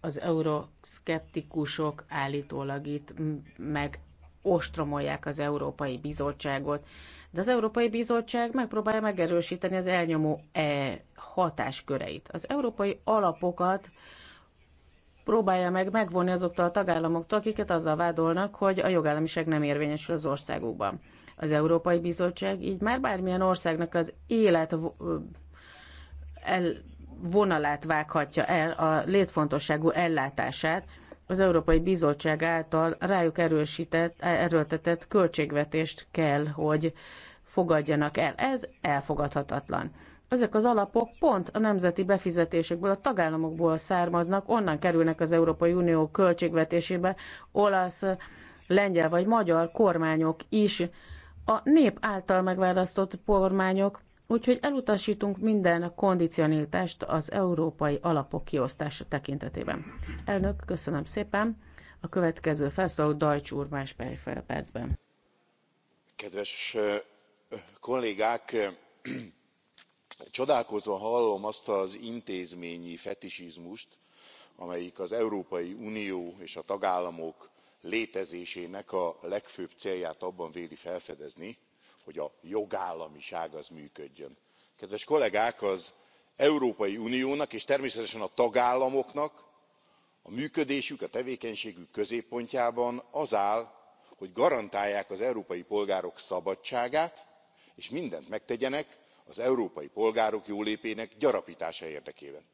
az euroszkeptikusok állítólag itt meg ostromolják az Európai Bizottságot, de az Európai Bizottság megpróbálja megerősíteni az elnyomó e hatásköreit. Az európai alapokat próbálja meg megvonni azoktól a tagállamoktól, akiket azzal vádolnak, hogy a jogállamiság nem érvényesül az országukban. Az Európai Bizottság így már bármilyen országnak az élet vonalát vághatja el, a létfontosságú ellátását, az Európai Bizottság által rájuk erősített, erőltetett költségvetést kell, hogy fogadjanak el. Ez elfogadhatatlan ezek az alapok pont a nemzeti befizetésekből, a tagállamokból származnak, onnan kerülnek az Európai Unió költségvetésébe, olasz, lengyel vagy magyar kormányok is, a nép által megválasztott kormányok, úgyhogy elutasítunk minden kondicionítást az európai alapok kiosztása tekintetében. Elnök, köszönöm szépen. A következő felszóló Dajcs úr másfél percben. Kedves kollégák, csodálkozva hallom azt az intézményi fetisizmust amelyik az európai unió és a tagállamok létezésének a legfőbb célját abban véli felfedezni hogy a jogállamiság az működjön. kedves kollégák az európai uniónak és természetesen a tagállamoknak a működésük a tevékenységük középpontjában az áll hogy garantálják az európai polgárok szabadságát és mindent megtegyenek az európai polgárok jólétének gyaraptása érdekében.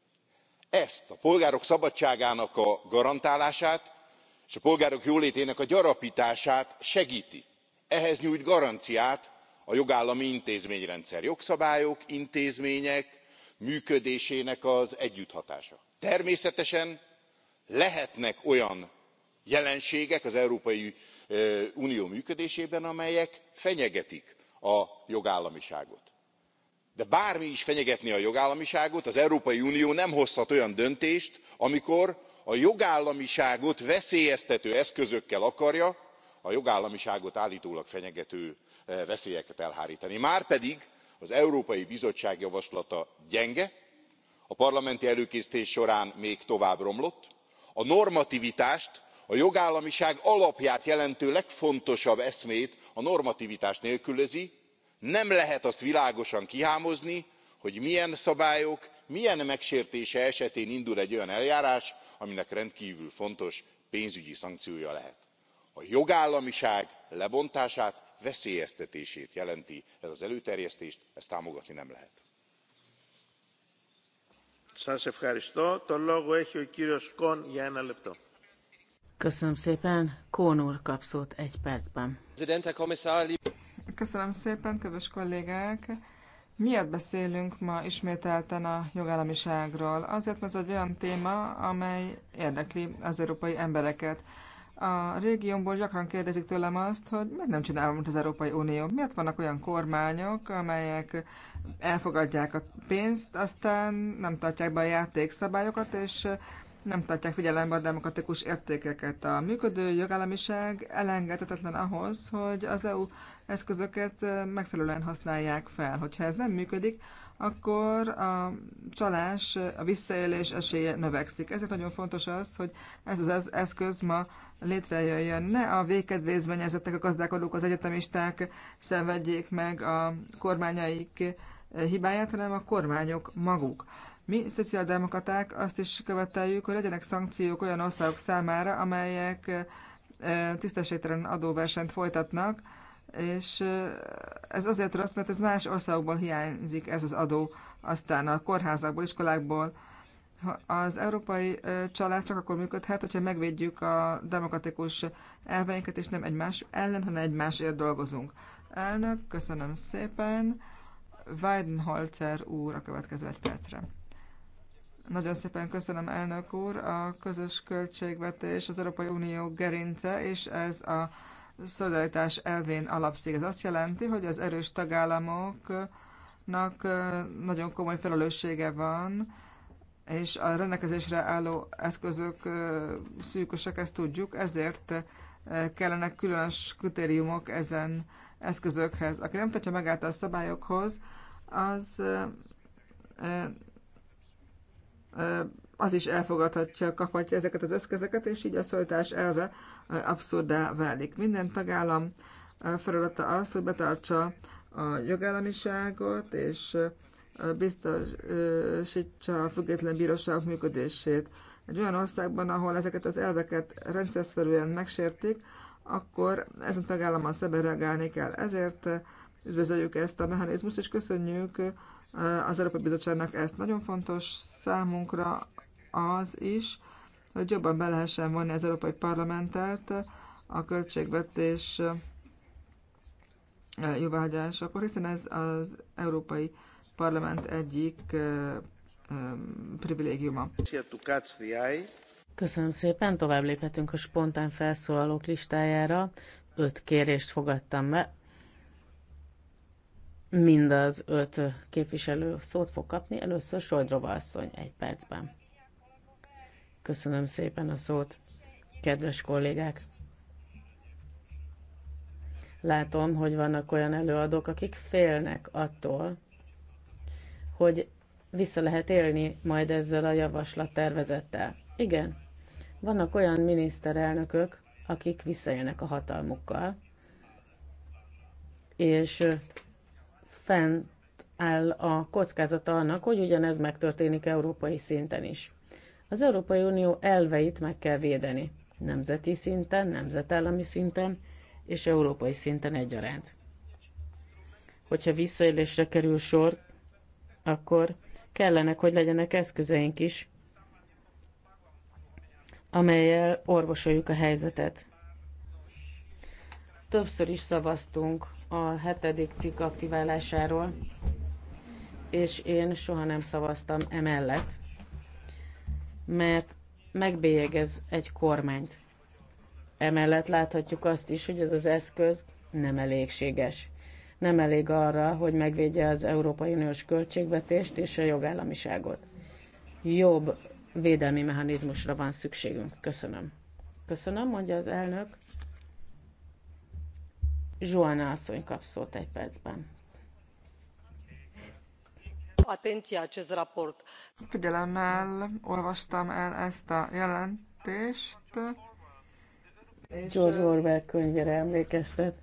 ezt a polgárok szabadságának a garantálását és a polgárok jólétének a gyaraptását segti ehhez nyújt garanciát a jogállami intézményrendszer jogszabályok intézmények működésének az együtthatása. természetesen lehetnek olyan jelenségek az európai unió működésében amelyek fenyegetik a jogállamiságot de bármi is fenyegetné a jogállamiságot az európai unió nem hozhat olyan döntést amikor a jogállamiságot veszélyeztető eszközökkel akarja a jogállamiságot álltólag fenyegető eh, veszélyeket elhártani márpedig az európai bizottság javaslata gyenge a parlamenti előkésztés során még tovább romlott a normativitást a jogállamiság alapját jelentő legfontosabb eszmét a normativitás nélkülözi nem lehet azt világosan kihámozni hogy milyen szabályok milyen megsértése esetén indul egy olyan eljárás aminek rendkvül fontos pénzügyi szankciója lehet. a jogállamiság lebontását veszélyeztetését jelenti ez az előterjesztés ezt támogatni nem lehet. köszönöm szépen cohn úr kap szót egy percben. Köszönöm szépen, kedves kollégák! Miért beszélünk ma ismételten a jogállamiságról? Azért, mert ez egy olyan téma, amely érdekli az európai embereket. A régiómból gyakran kérdezik tőlem azt, hogy miért nem csinálom, mint az Európai Unió. Miért vannak olyan kormányok, amelyek elfogadják a pénzt, aztán nem tartják be a játékszabályokat, és nem tartják figyelembe a demokratikus értékeket. A működő jogállamiság elengedhetetlen ahhoz, hogy az EU eszközöket megfelelően használják fel. Hogyha ez nem működik, akkor a csalás, a visszaélés esélye növekszik. Ezért nagyon fontos az, hogy ez az eszköz ma létrejöjjön. Ne a végkedvézményezettek, a gazdálkodók, az egyetemisták szenvedjék meg a kormányaik hibáját, hanem a kormányok maguk. Mi szociáldemokraták azt is követeljük, hogy legyenek szankciók olyan országok számára, amelyek tisztességtelen adóversenyt folytatnak, és ez azért rossz, mert ez más országokból hiányzik ez az adó, aztán a kórházakból, iskolákból. Az európai család csak akkor működhet, hogyha megvédjük a demokratikus elveinket, és nem egymás ellen, hanem egymásért dolgozunk. Elnök, köszönöm szépen. Weidenholzer úr a következő egy percre. Nagyon szépen köszönöm, elnök úr. A közös költségvetés az Európai Unió gerince, és ez a szolidaritás elvén alapszik. Ez azt jelenti, hogy az erős tagállamoknak nagyon komoly felelőssége van, és a rendelkezésre álló eszközök szűkösek, ezt tudjuk, ezért kellene különös kritériumok ezen eszközökhez. Aki nem tartja magát a szabályokhoz, az az is elfogadhatja, kaphatja ezeket az összkezeket, és így a szolítás elve abszurdá válik. Minden tagállam feladata az, hogy betartsa a jogállamiságot, és biztosítsa a független bíróság működését. Egy olyan országban, ahol ezeket az elveket rendszerszerűen megsértik, akkor ezen tagállammal szemben reagálni kell. Ezért Üdvözöljük ezt a mechanizmust, és köszönjük eh, az Európai Bizottságnak ezt. Nagyon fontos számunkra az is, hogy jobban be lehessen vonni az Európai Parlamentet a költségvetés eh, jóváhagyásakor, hiszen ez az Európai Parlament egyik eh, privilégiuma. Köszönöm szépen, tovább léphetünk a spontán felszólalók listájára. Öt kérést fogadtam be, mind az öt képviselő szót fog kapni. Először Sojdrova asszony egy percben. Köszönöm szépen a szót, kedves kollégák! Látom, hogy vannak olyan előadók, akik félnek attól, hogy vissza lehet élni majd ezzel a javaslat tervezettel. Igen, vannak olyan miniszterelnökök, akik visszaélnek a hatalmukkal, és fent áll a kockázata annak, hogy ugyanez megtörténik európai szinten is. Az Európai Unió elveit meg kell védeni, nemzeti szinten, nemzetállami szinten és európai szinten egyaránt. Hogyha visszaélésre kerül sor, akkor kellenek, hogy legyenek eszközeink is, amelyel orvosoljuk a helyzetet. Többször is szavaztunk a hetedik cikk aktiválásáról, és én soha nem szavaztam emellett, mert megbélyegez egy kormányt. Emellett láthatjuk azt is, hogy ez az eszköz nem elégséges. Nem elég arra, hogy megvédje az Európai Uniós költségvetést és a jogállamiságot. Jobb védelmi mechanizmusra van szükségünk. Köszönöm. Köszönöm, mondja az elnök. Zsuana asszony kap szót egy percben. Figyelemmel olvastam el ezt a jelentést. George Orwell könyvére emlékeztet.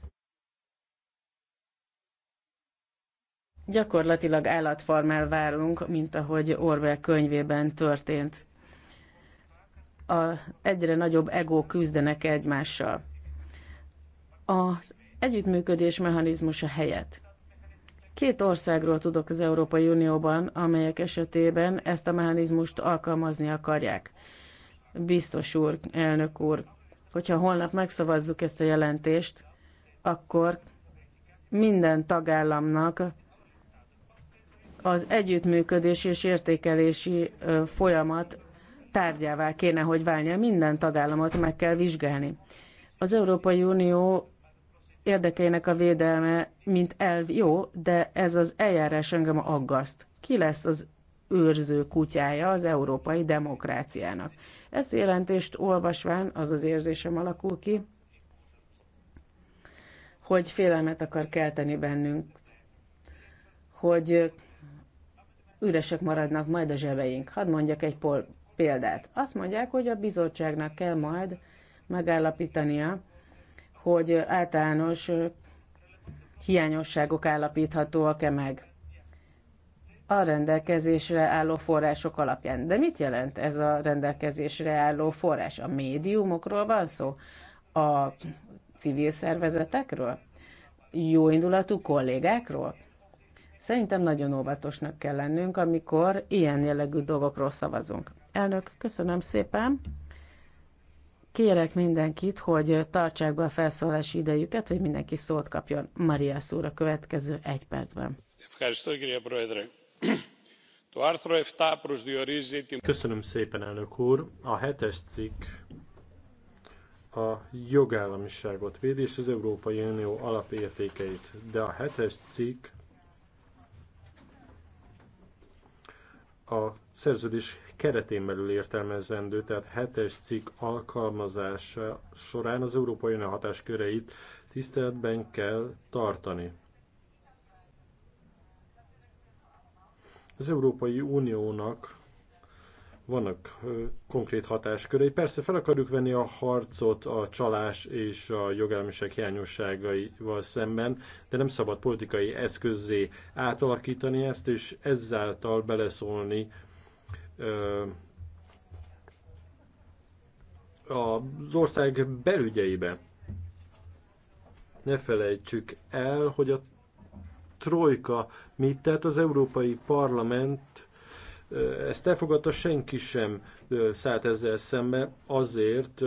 Gyakorlatilag állatfarmel várunk, mint ahogy Orwell könyvében történt. A egyre nagyobb egó küzdenek egymással. Az együttműködés mechanizmusa helyett. Két országról tudok az Európai Unióban, amelyek esetében ezt a mechanizmust alkalmazni akarják. Biztos úr, elnök úr, hogyha holnap megszavazzuk ezt a jelentést, akkor minden tagállamnak az együttműködés és értékelési folyamat tárgyává kéne, hogy válnia. Minden tagállamot meg kell vizsgálni. Az Európai Unió érdekeinek a védelme, mint elv jó, de ez az eljárás engem aggaszt. Ki lesz az őrző kutyája az európai demokráciának? Ezt jelentést olvasván az az érzésem alakul ki, hogy félelmet akar kelteni bennünk, hogy üresek maradnak majd a zsebeink. Hadd mondjak egy pol példát. Azt mondják, hogy a bizottságnak kell majd megállapítania, hogy általános hiányosságok állapíthatóak-e meg a rendelkezésre álló források alapján. De mit jelent ez a rendelkezésre álló forrás? A médiumokról van szó? A civil szervezetekről? Jóindulatú kollégákról? Szerintem nagyon óvatosnak kell lennünk, amikor ilyen jellegű dolgokról szavazunk. Elnök, köszönöm szépen! Kérek mindenkit, hogy tartsák be a felszólási idejüket, hogy mindenki szót kapjon. Maria a következő egy percben. Köszönöm szépen, elnök úr. A hetes cikk a jogállamiságot védi és az Európai Unió alapértékeit. De a hetes cikk a szerződés keretén belül értelmezendő, tehát 7 cikk alkalmazása során az Európai Unió hatásköreit tiszteletben kell tartani. Az Európai Uniónak vannak konkrét hatáskörei. Persze fel akarjuk venni a harcot a csalás és a jogállamiság hiányosságaival szemben, de nem szabad politikai eszközzé átalakítani ezt, és ezáltal beleszólni az ország belügyeibe. Ne felejtsük el, hogy a trojka mit tett, az Európai Parlament ezt elfogadta, senki sem szállt ezzel szembe azért,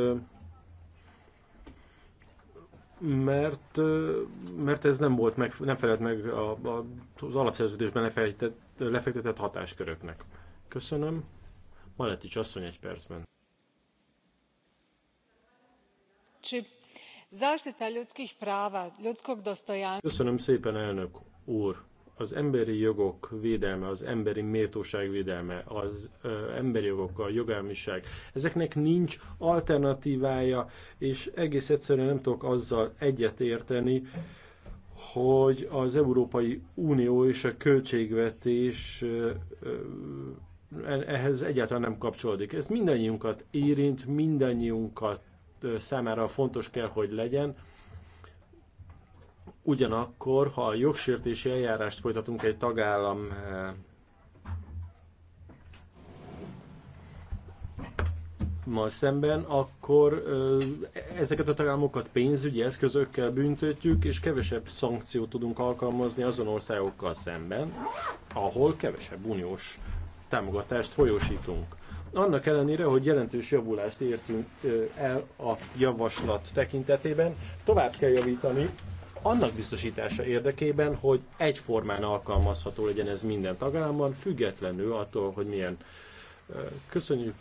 mert, mert ez nem volt meg, nem felelt meg az alapszerződésben lefektetett, lefektetett hatásköröknek. Köszönöm. Maletics asszony egy percben. Köszönöm szépen, elnök úr. Az emberi jogok védelme, az emberi méltóság védelme, az ö, emberi jogok, a jogállamiság, ezeknek nincs alternatívája, és egész egyszerűen nem tudok azzal egyetérteni, hogy az Európai Unió és a költségvetés ö, ö, E-, ehhez egyáltalán nem kapcsolódik. Ez mindannyiunkat érint, mindannyiunkat számára fontos kell, hogy legyen. Ugyanakkor, ha a jogsértési eljárást folytatunk egy tagállam e, ma szemben, akkor ezeket a tagállamokat pénzügyi eszközökkel büntetjük, és kevesebb szankciót tudunk alkalmazni azon országokkal szemben, ahol kevesebb uniós támogatást folyósítunk. Annak ellenére, hogy jelentős javulást értünk el a javaslat tekintetében, tovább kell javítani annak biztosítása érdekében, hogy egyformán alkalmazható legyen ez minden tagállamban, függetlenül attól, hogy milyen. Köszönjük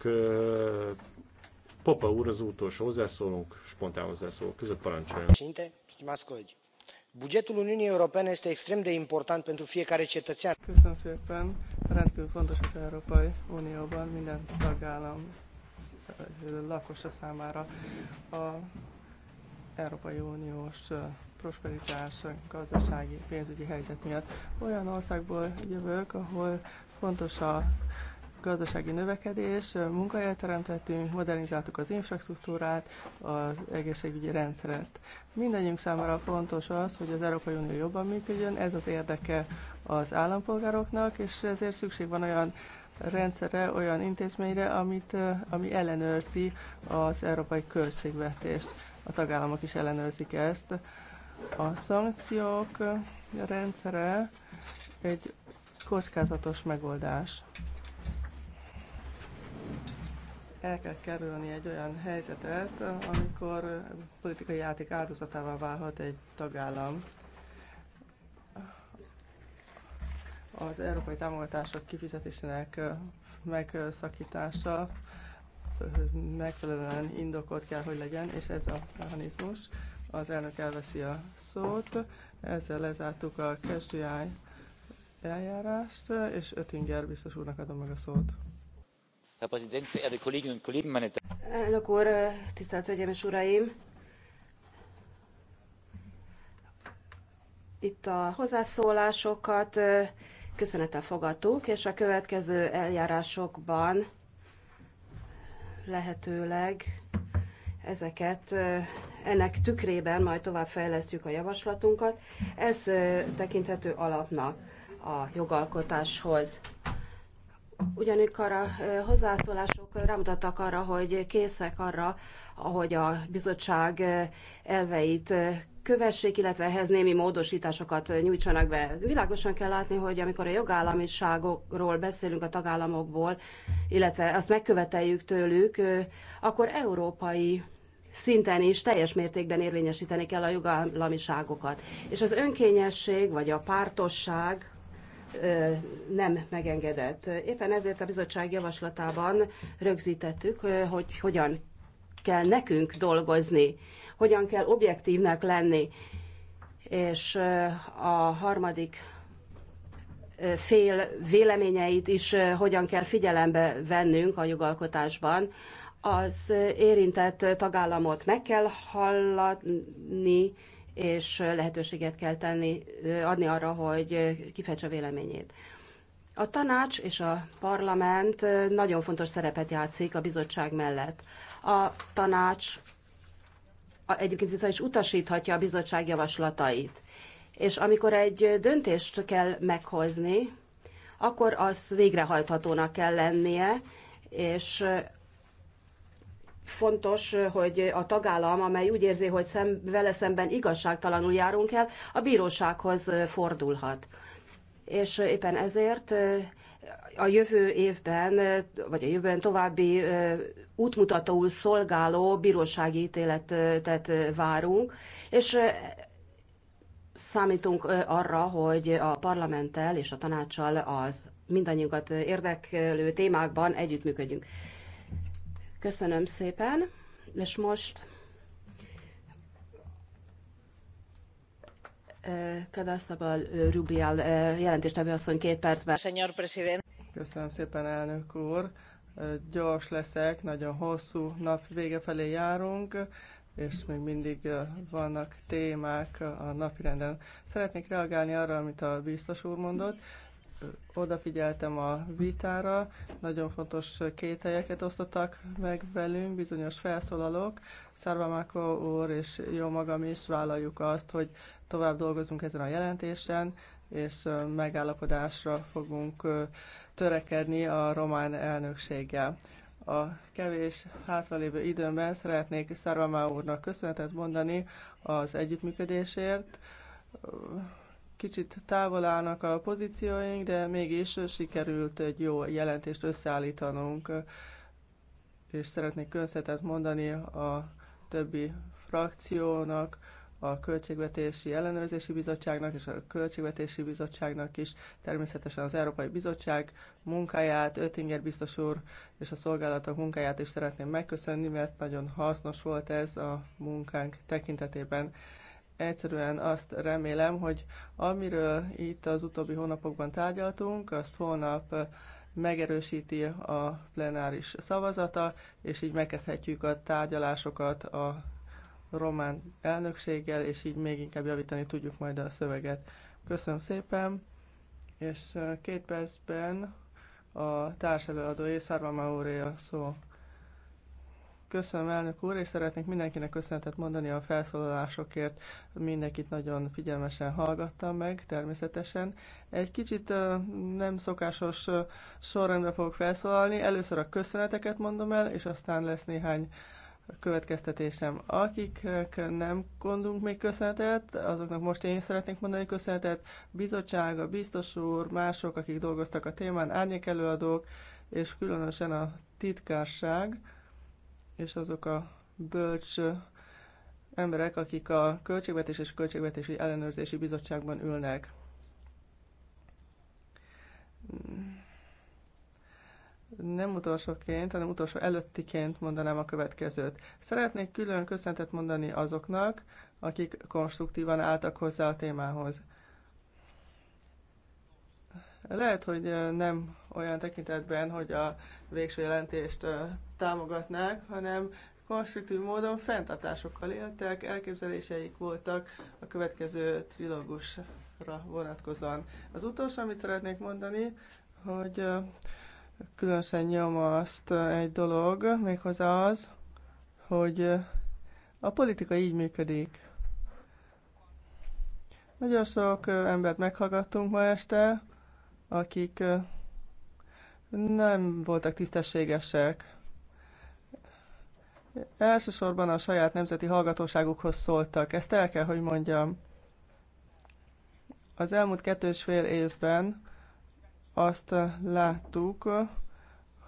Popa úr az utolsó hozzászólunk, spontán hozzászólók között parancsoljon. Bugetul Uniunii Europene este extrem de important pentru fiecare cetățean. Köszönöm szépen rendkívül fontos az Európai Unióban minden tagállam lakosa számára a Európai Uniós prosperitás, gazdasági, pénzügyi helyzet miatt. Olyan országból jövök, ahol fontos a gazdasági növekedés, munkahelyet teremtettünk, modernizáltuk az infrastruktúrát, az egészségügyi rendszeret. Mindenünk számára fontos az, hogy az Európai Unió jobban működjön, ez az érdeke az állampolgároknak, és ezért szükség van olyan rendszere, olyan intézményre, amit, ami ellenőrzi az európai költségvetést. A tagállamok is ellenőrzik ezt. A szankciók rendszere egy kockázatos megoldás. El kell kerülni egy olyan helyzetet, amikor politikai játék áldozatává válhat egy tagállam. az európai támogatások kifizetésének megszakítása megfelelően indokolt kell, hogy legyen, és ez a mechanizmus. Az elnök elveszi a szót, ezzel lezártuk a kezdőjáj eljárást, és Ötinger biztos úrnak adom meg a szót. Elnök úr, tisztelt Hölgyeim és Uraim! Itt a hozzászólásokat köszönettel fogadtuk, és a következő eljárásokban lehetőleg ezeket ennek tükrében majd tovább fejlesztjük a javaslatunkat. Ez tekinthető alapnak a jogalkotáshoz. Ugyanikor a hozzászólások rámutattak arra, hogy készek arra, ahogy a bizottság elveit kövessék, illetve ehhez némi módosításokat nyújtsanak be. Világosan kell látni, hogy amikor a jogállamiságokról beszélünk a tagállamokból, illetve azt megköveteljük tőlük, akkor európai szinten is teljes mértékben érvényesíteni kell a jogállamiságokat. És az önkényesség vagy a pártosság nem megengedett. Éppen ezért a bizottság javaslatában rögzítettük, hogy hogyan kell nekünk dolgozni, hogyan kell objektívnek lenni, és a harmadik fél véleményeit is hogyan kell figyelembe vennünk a jogalkotásban. Az érintett tagállamot meg kell hallani, és lehetőséget kell tenni, adni arra, hogy kifejtse véleményét. A tanács és a parlament nagyon fontos szerepet játszik a bizottság mellett. A tanács egyébként viszont is utasíthatja a bizottság javaslatait. És amikor egy döntést kell meghozni, akkor az végrehajthatónak kell lennie, és fontos, hogy a tagállam, amely úgy érzi, hogy szem, vele szemben igazságtalanul járunk el, a bírósághoz fordulhat. És éppen ezért a jövő évben, vagy a jövőben további útmutatóul szolgáló bírósági ítéletet várunk, és számítunk arra, hogy a parlamenttel és a tanácssal az mindannyiunkat érdeklő témákban együttműködjünk. Köszönöm szépen, és most eh, Kadaszabal eh, Rubial eh, jelentéstevő asszony két percben. Senyor president. Köszönöm szépen, elnök úr. Gyors leszek, nagyon hosszú nap vége felé járunk, és még mindig vannak témák a napirenden. Szeretnék reagálni arra, amit a biztos úr mondott odafigyeltem a vitára, nagyon fontos két helyeket osztottak meg velünk, bizonyos felszólalók, Szárvamáko úr és jó magam is vállaljuk azt, hogy tovább dolgozunk ezen a jelentésen, és megállapodásra fogunk törekedni a román elnökséggel. A kevés hátralévő időben szeretnék Szárvamá úrnak köszönetet mondani az együttműködésért, Kicsit távol állnak a pozícióink, de mégis sikerült egy jó jelentést összeállítanunk, és szeretnék köszönetet mondani a többi frakciónak, a Költségvetési Ellenőrzési Bizottságnak és a Költségvetési Bizottságnak is, természetesen az Európai Bizottság munkáját, Öttinger biztos úr és a szolgálatok munkáját is szeretném megköszönni, mert nagyon hasznos volt ez a munkánk tekintetében. Egyszerűen azt remélem, hogy amiről itt az utóbbi hónapokban tárgyaltunk, azt holnap megerősíti a plenáris szavazata, és így megkezdhetjük a tárgyalásokat a román elnökséggel, és így még inkább javítani tudjuk majd a szöveget. Köszönöm szépen, és két percben a társelőadó Észárva Mauré a szó. Köszönöm, elnök úr, és szeretnék mindenkinek köszönetet mondani a felszólalásokért. Mindenkit nagyon figyelmesen hallgattam meg, természetesen. Egy kicsit nem szokásos sorrendbe fogok felszólalni. Először a köszöneteket mondom el, és aztán lesz néhány következtetésem. Akiknek nem gondunk még köszönetet, azoknak most én szeretnék mondani köszönetet. Bizottság, a biztos úr, mások, akik dolgoztak a témán, árnyékelőadók, és különösen a titkárság, és azok a bölcs emberek, akik a Költségvetés és Költségvetési Ellenőrzési Bizottságban ülnek. Nem utolsóként, hanem utolsó előttiként mondanám a következőt. Szeretnék külön köszöntet mondani azoknak, akik konstruktívan álltak hozzá a témához. Lehet, hogy nem olyan tekintetben, hogy a végső jelentést támogatnák, hanem konstruktív módon fenntartásokkal éltek, elképzeléseik voltak a következő trilógusra vonatkozóan. Az utolsó, amit szeretnék mondani, hogy különösen nyomaszt egy dolog, méghozzá az, hogy a politika így működik. Nagyon sok embert meghallgattunk ma este, akik nem voltak tisztességesek. Elsősorban a saját nemzeti hallgatóságukhoz szóltak. Ezt el kell, hogy mondjam. Az elmúlt kettős fél évben azt láttuk,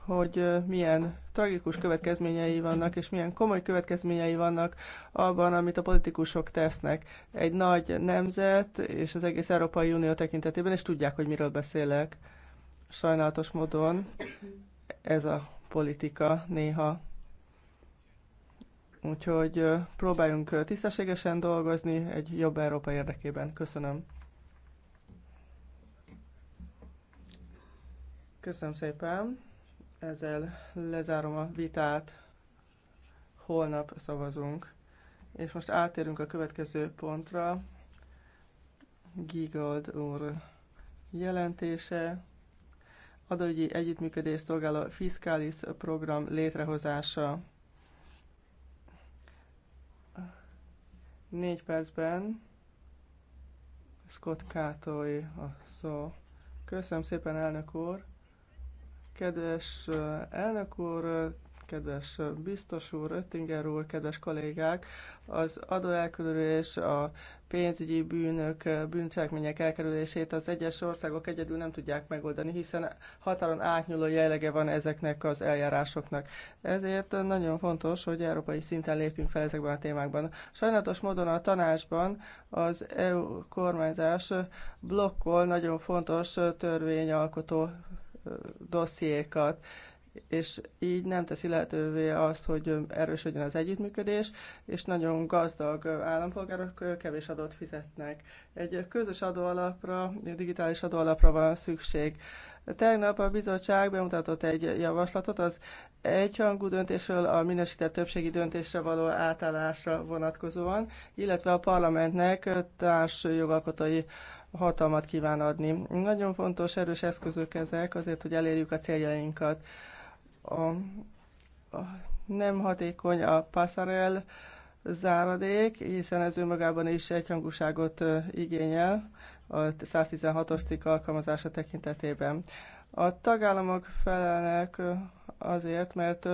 hogy milyen tragikus következményei vannak, és milyen komoly következményei vannak abban, amit a politikusok tesznek. Egy nagy nemzet és az egész Európai Unió tekintetében, és tudják, hogy miről beszélek. Sajnálatos módon ez a politika néha. Úgyhogy próbáljunk tisztességesen dolgozni egy jobb Európa érdekében. Köszönöm. Köszönöm szépen. Ezzel lezárom a vitát. Holnap szavazunk. És most átérünk a következő pontra. Gigold úr jelentése. Adóügyi együttműködés szolgáló fiskális program létrehozása. Négy percben Scott Kátói a szó. Köszönöm szépen, elnök úr! Kedves elnök úr, kedves biztos úr, Öttinger úr, kedves kollégák, az adóelkerülés, a pénzügyi bűnök, bűncselekmények elkerülését az egyes országok egyedül nem tudják megoldani, hiszen határon átnyúló jellege van ezeknek az eljárásoknak. Ezért nagyon fontos, hogy európai szinten lépjünk fel ezekben a témákban. Sajnálatos módon a tanácsban az EU kormányzás blokkol nagyon fontos törvényalkotó dossziékat, és így nem teszi lehetővé azt, hogy erősödjön az együttműködés, és nagyon gazdag állampolgárok kevés adót fizetnek. Egy közös adóalapra, digitális adóalapra van szükség. Tegnap a bizottság bemutatott egy javaslatot az egyhangú döntésről a minősített többségi döntésre való átállásra vonatkozóan, illetve a parlamentnek társ jogalkotói hatalmat kíván adni. Nagyon fontos, erős eszközök ezek azért, hogy elérjük a céljainkat. A, a nem hatékony a passarel záradék, hiszen ez önmagában is egyhangúságot igényel a 116-os cikk alkalmazása tekintetében. A tagállamok felelnek azért, mert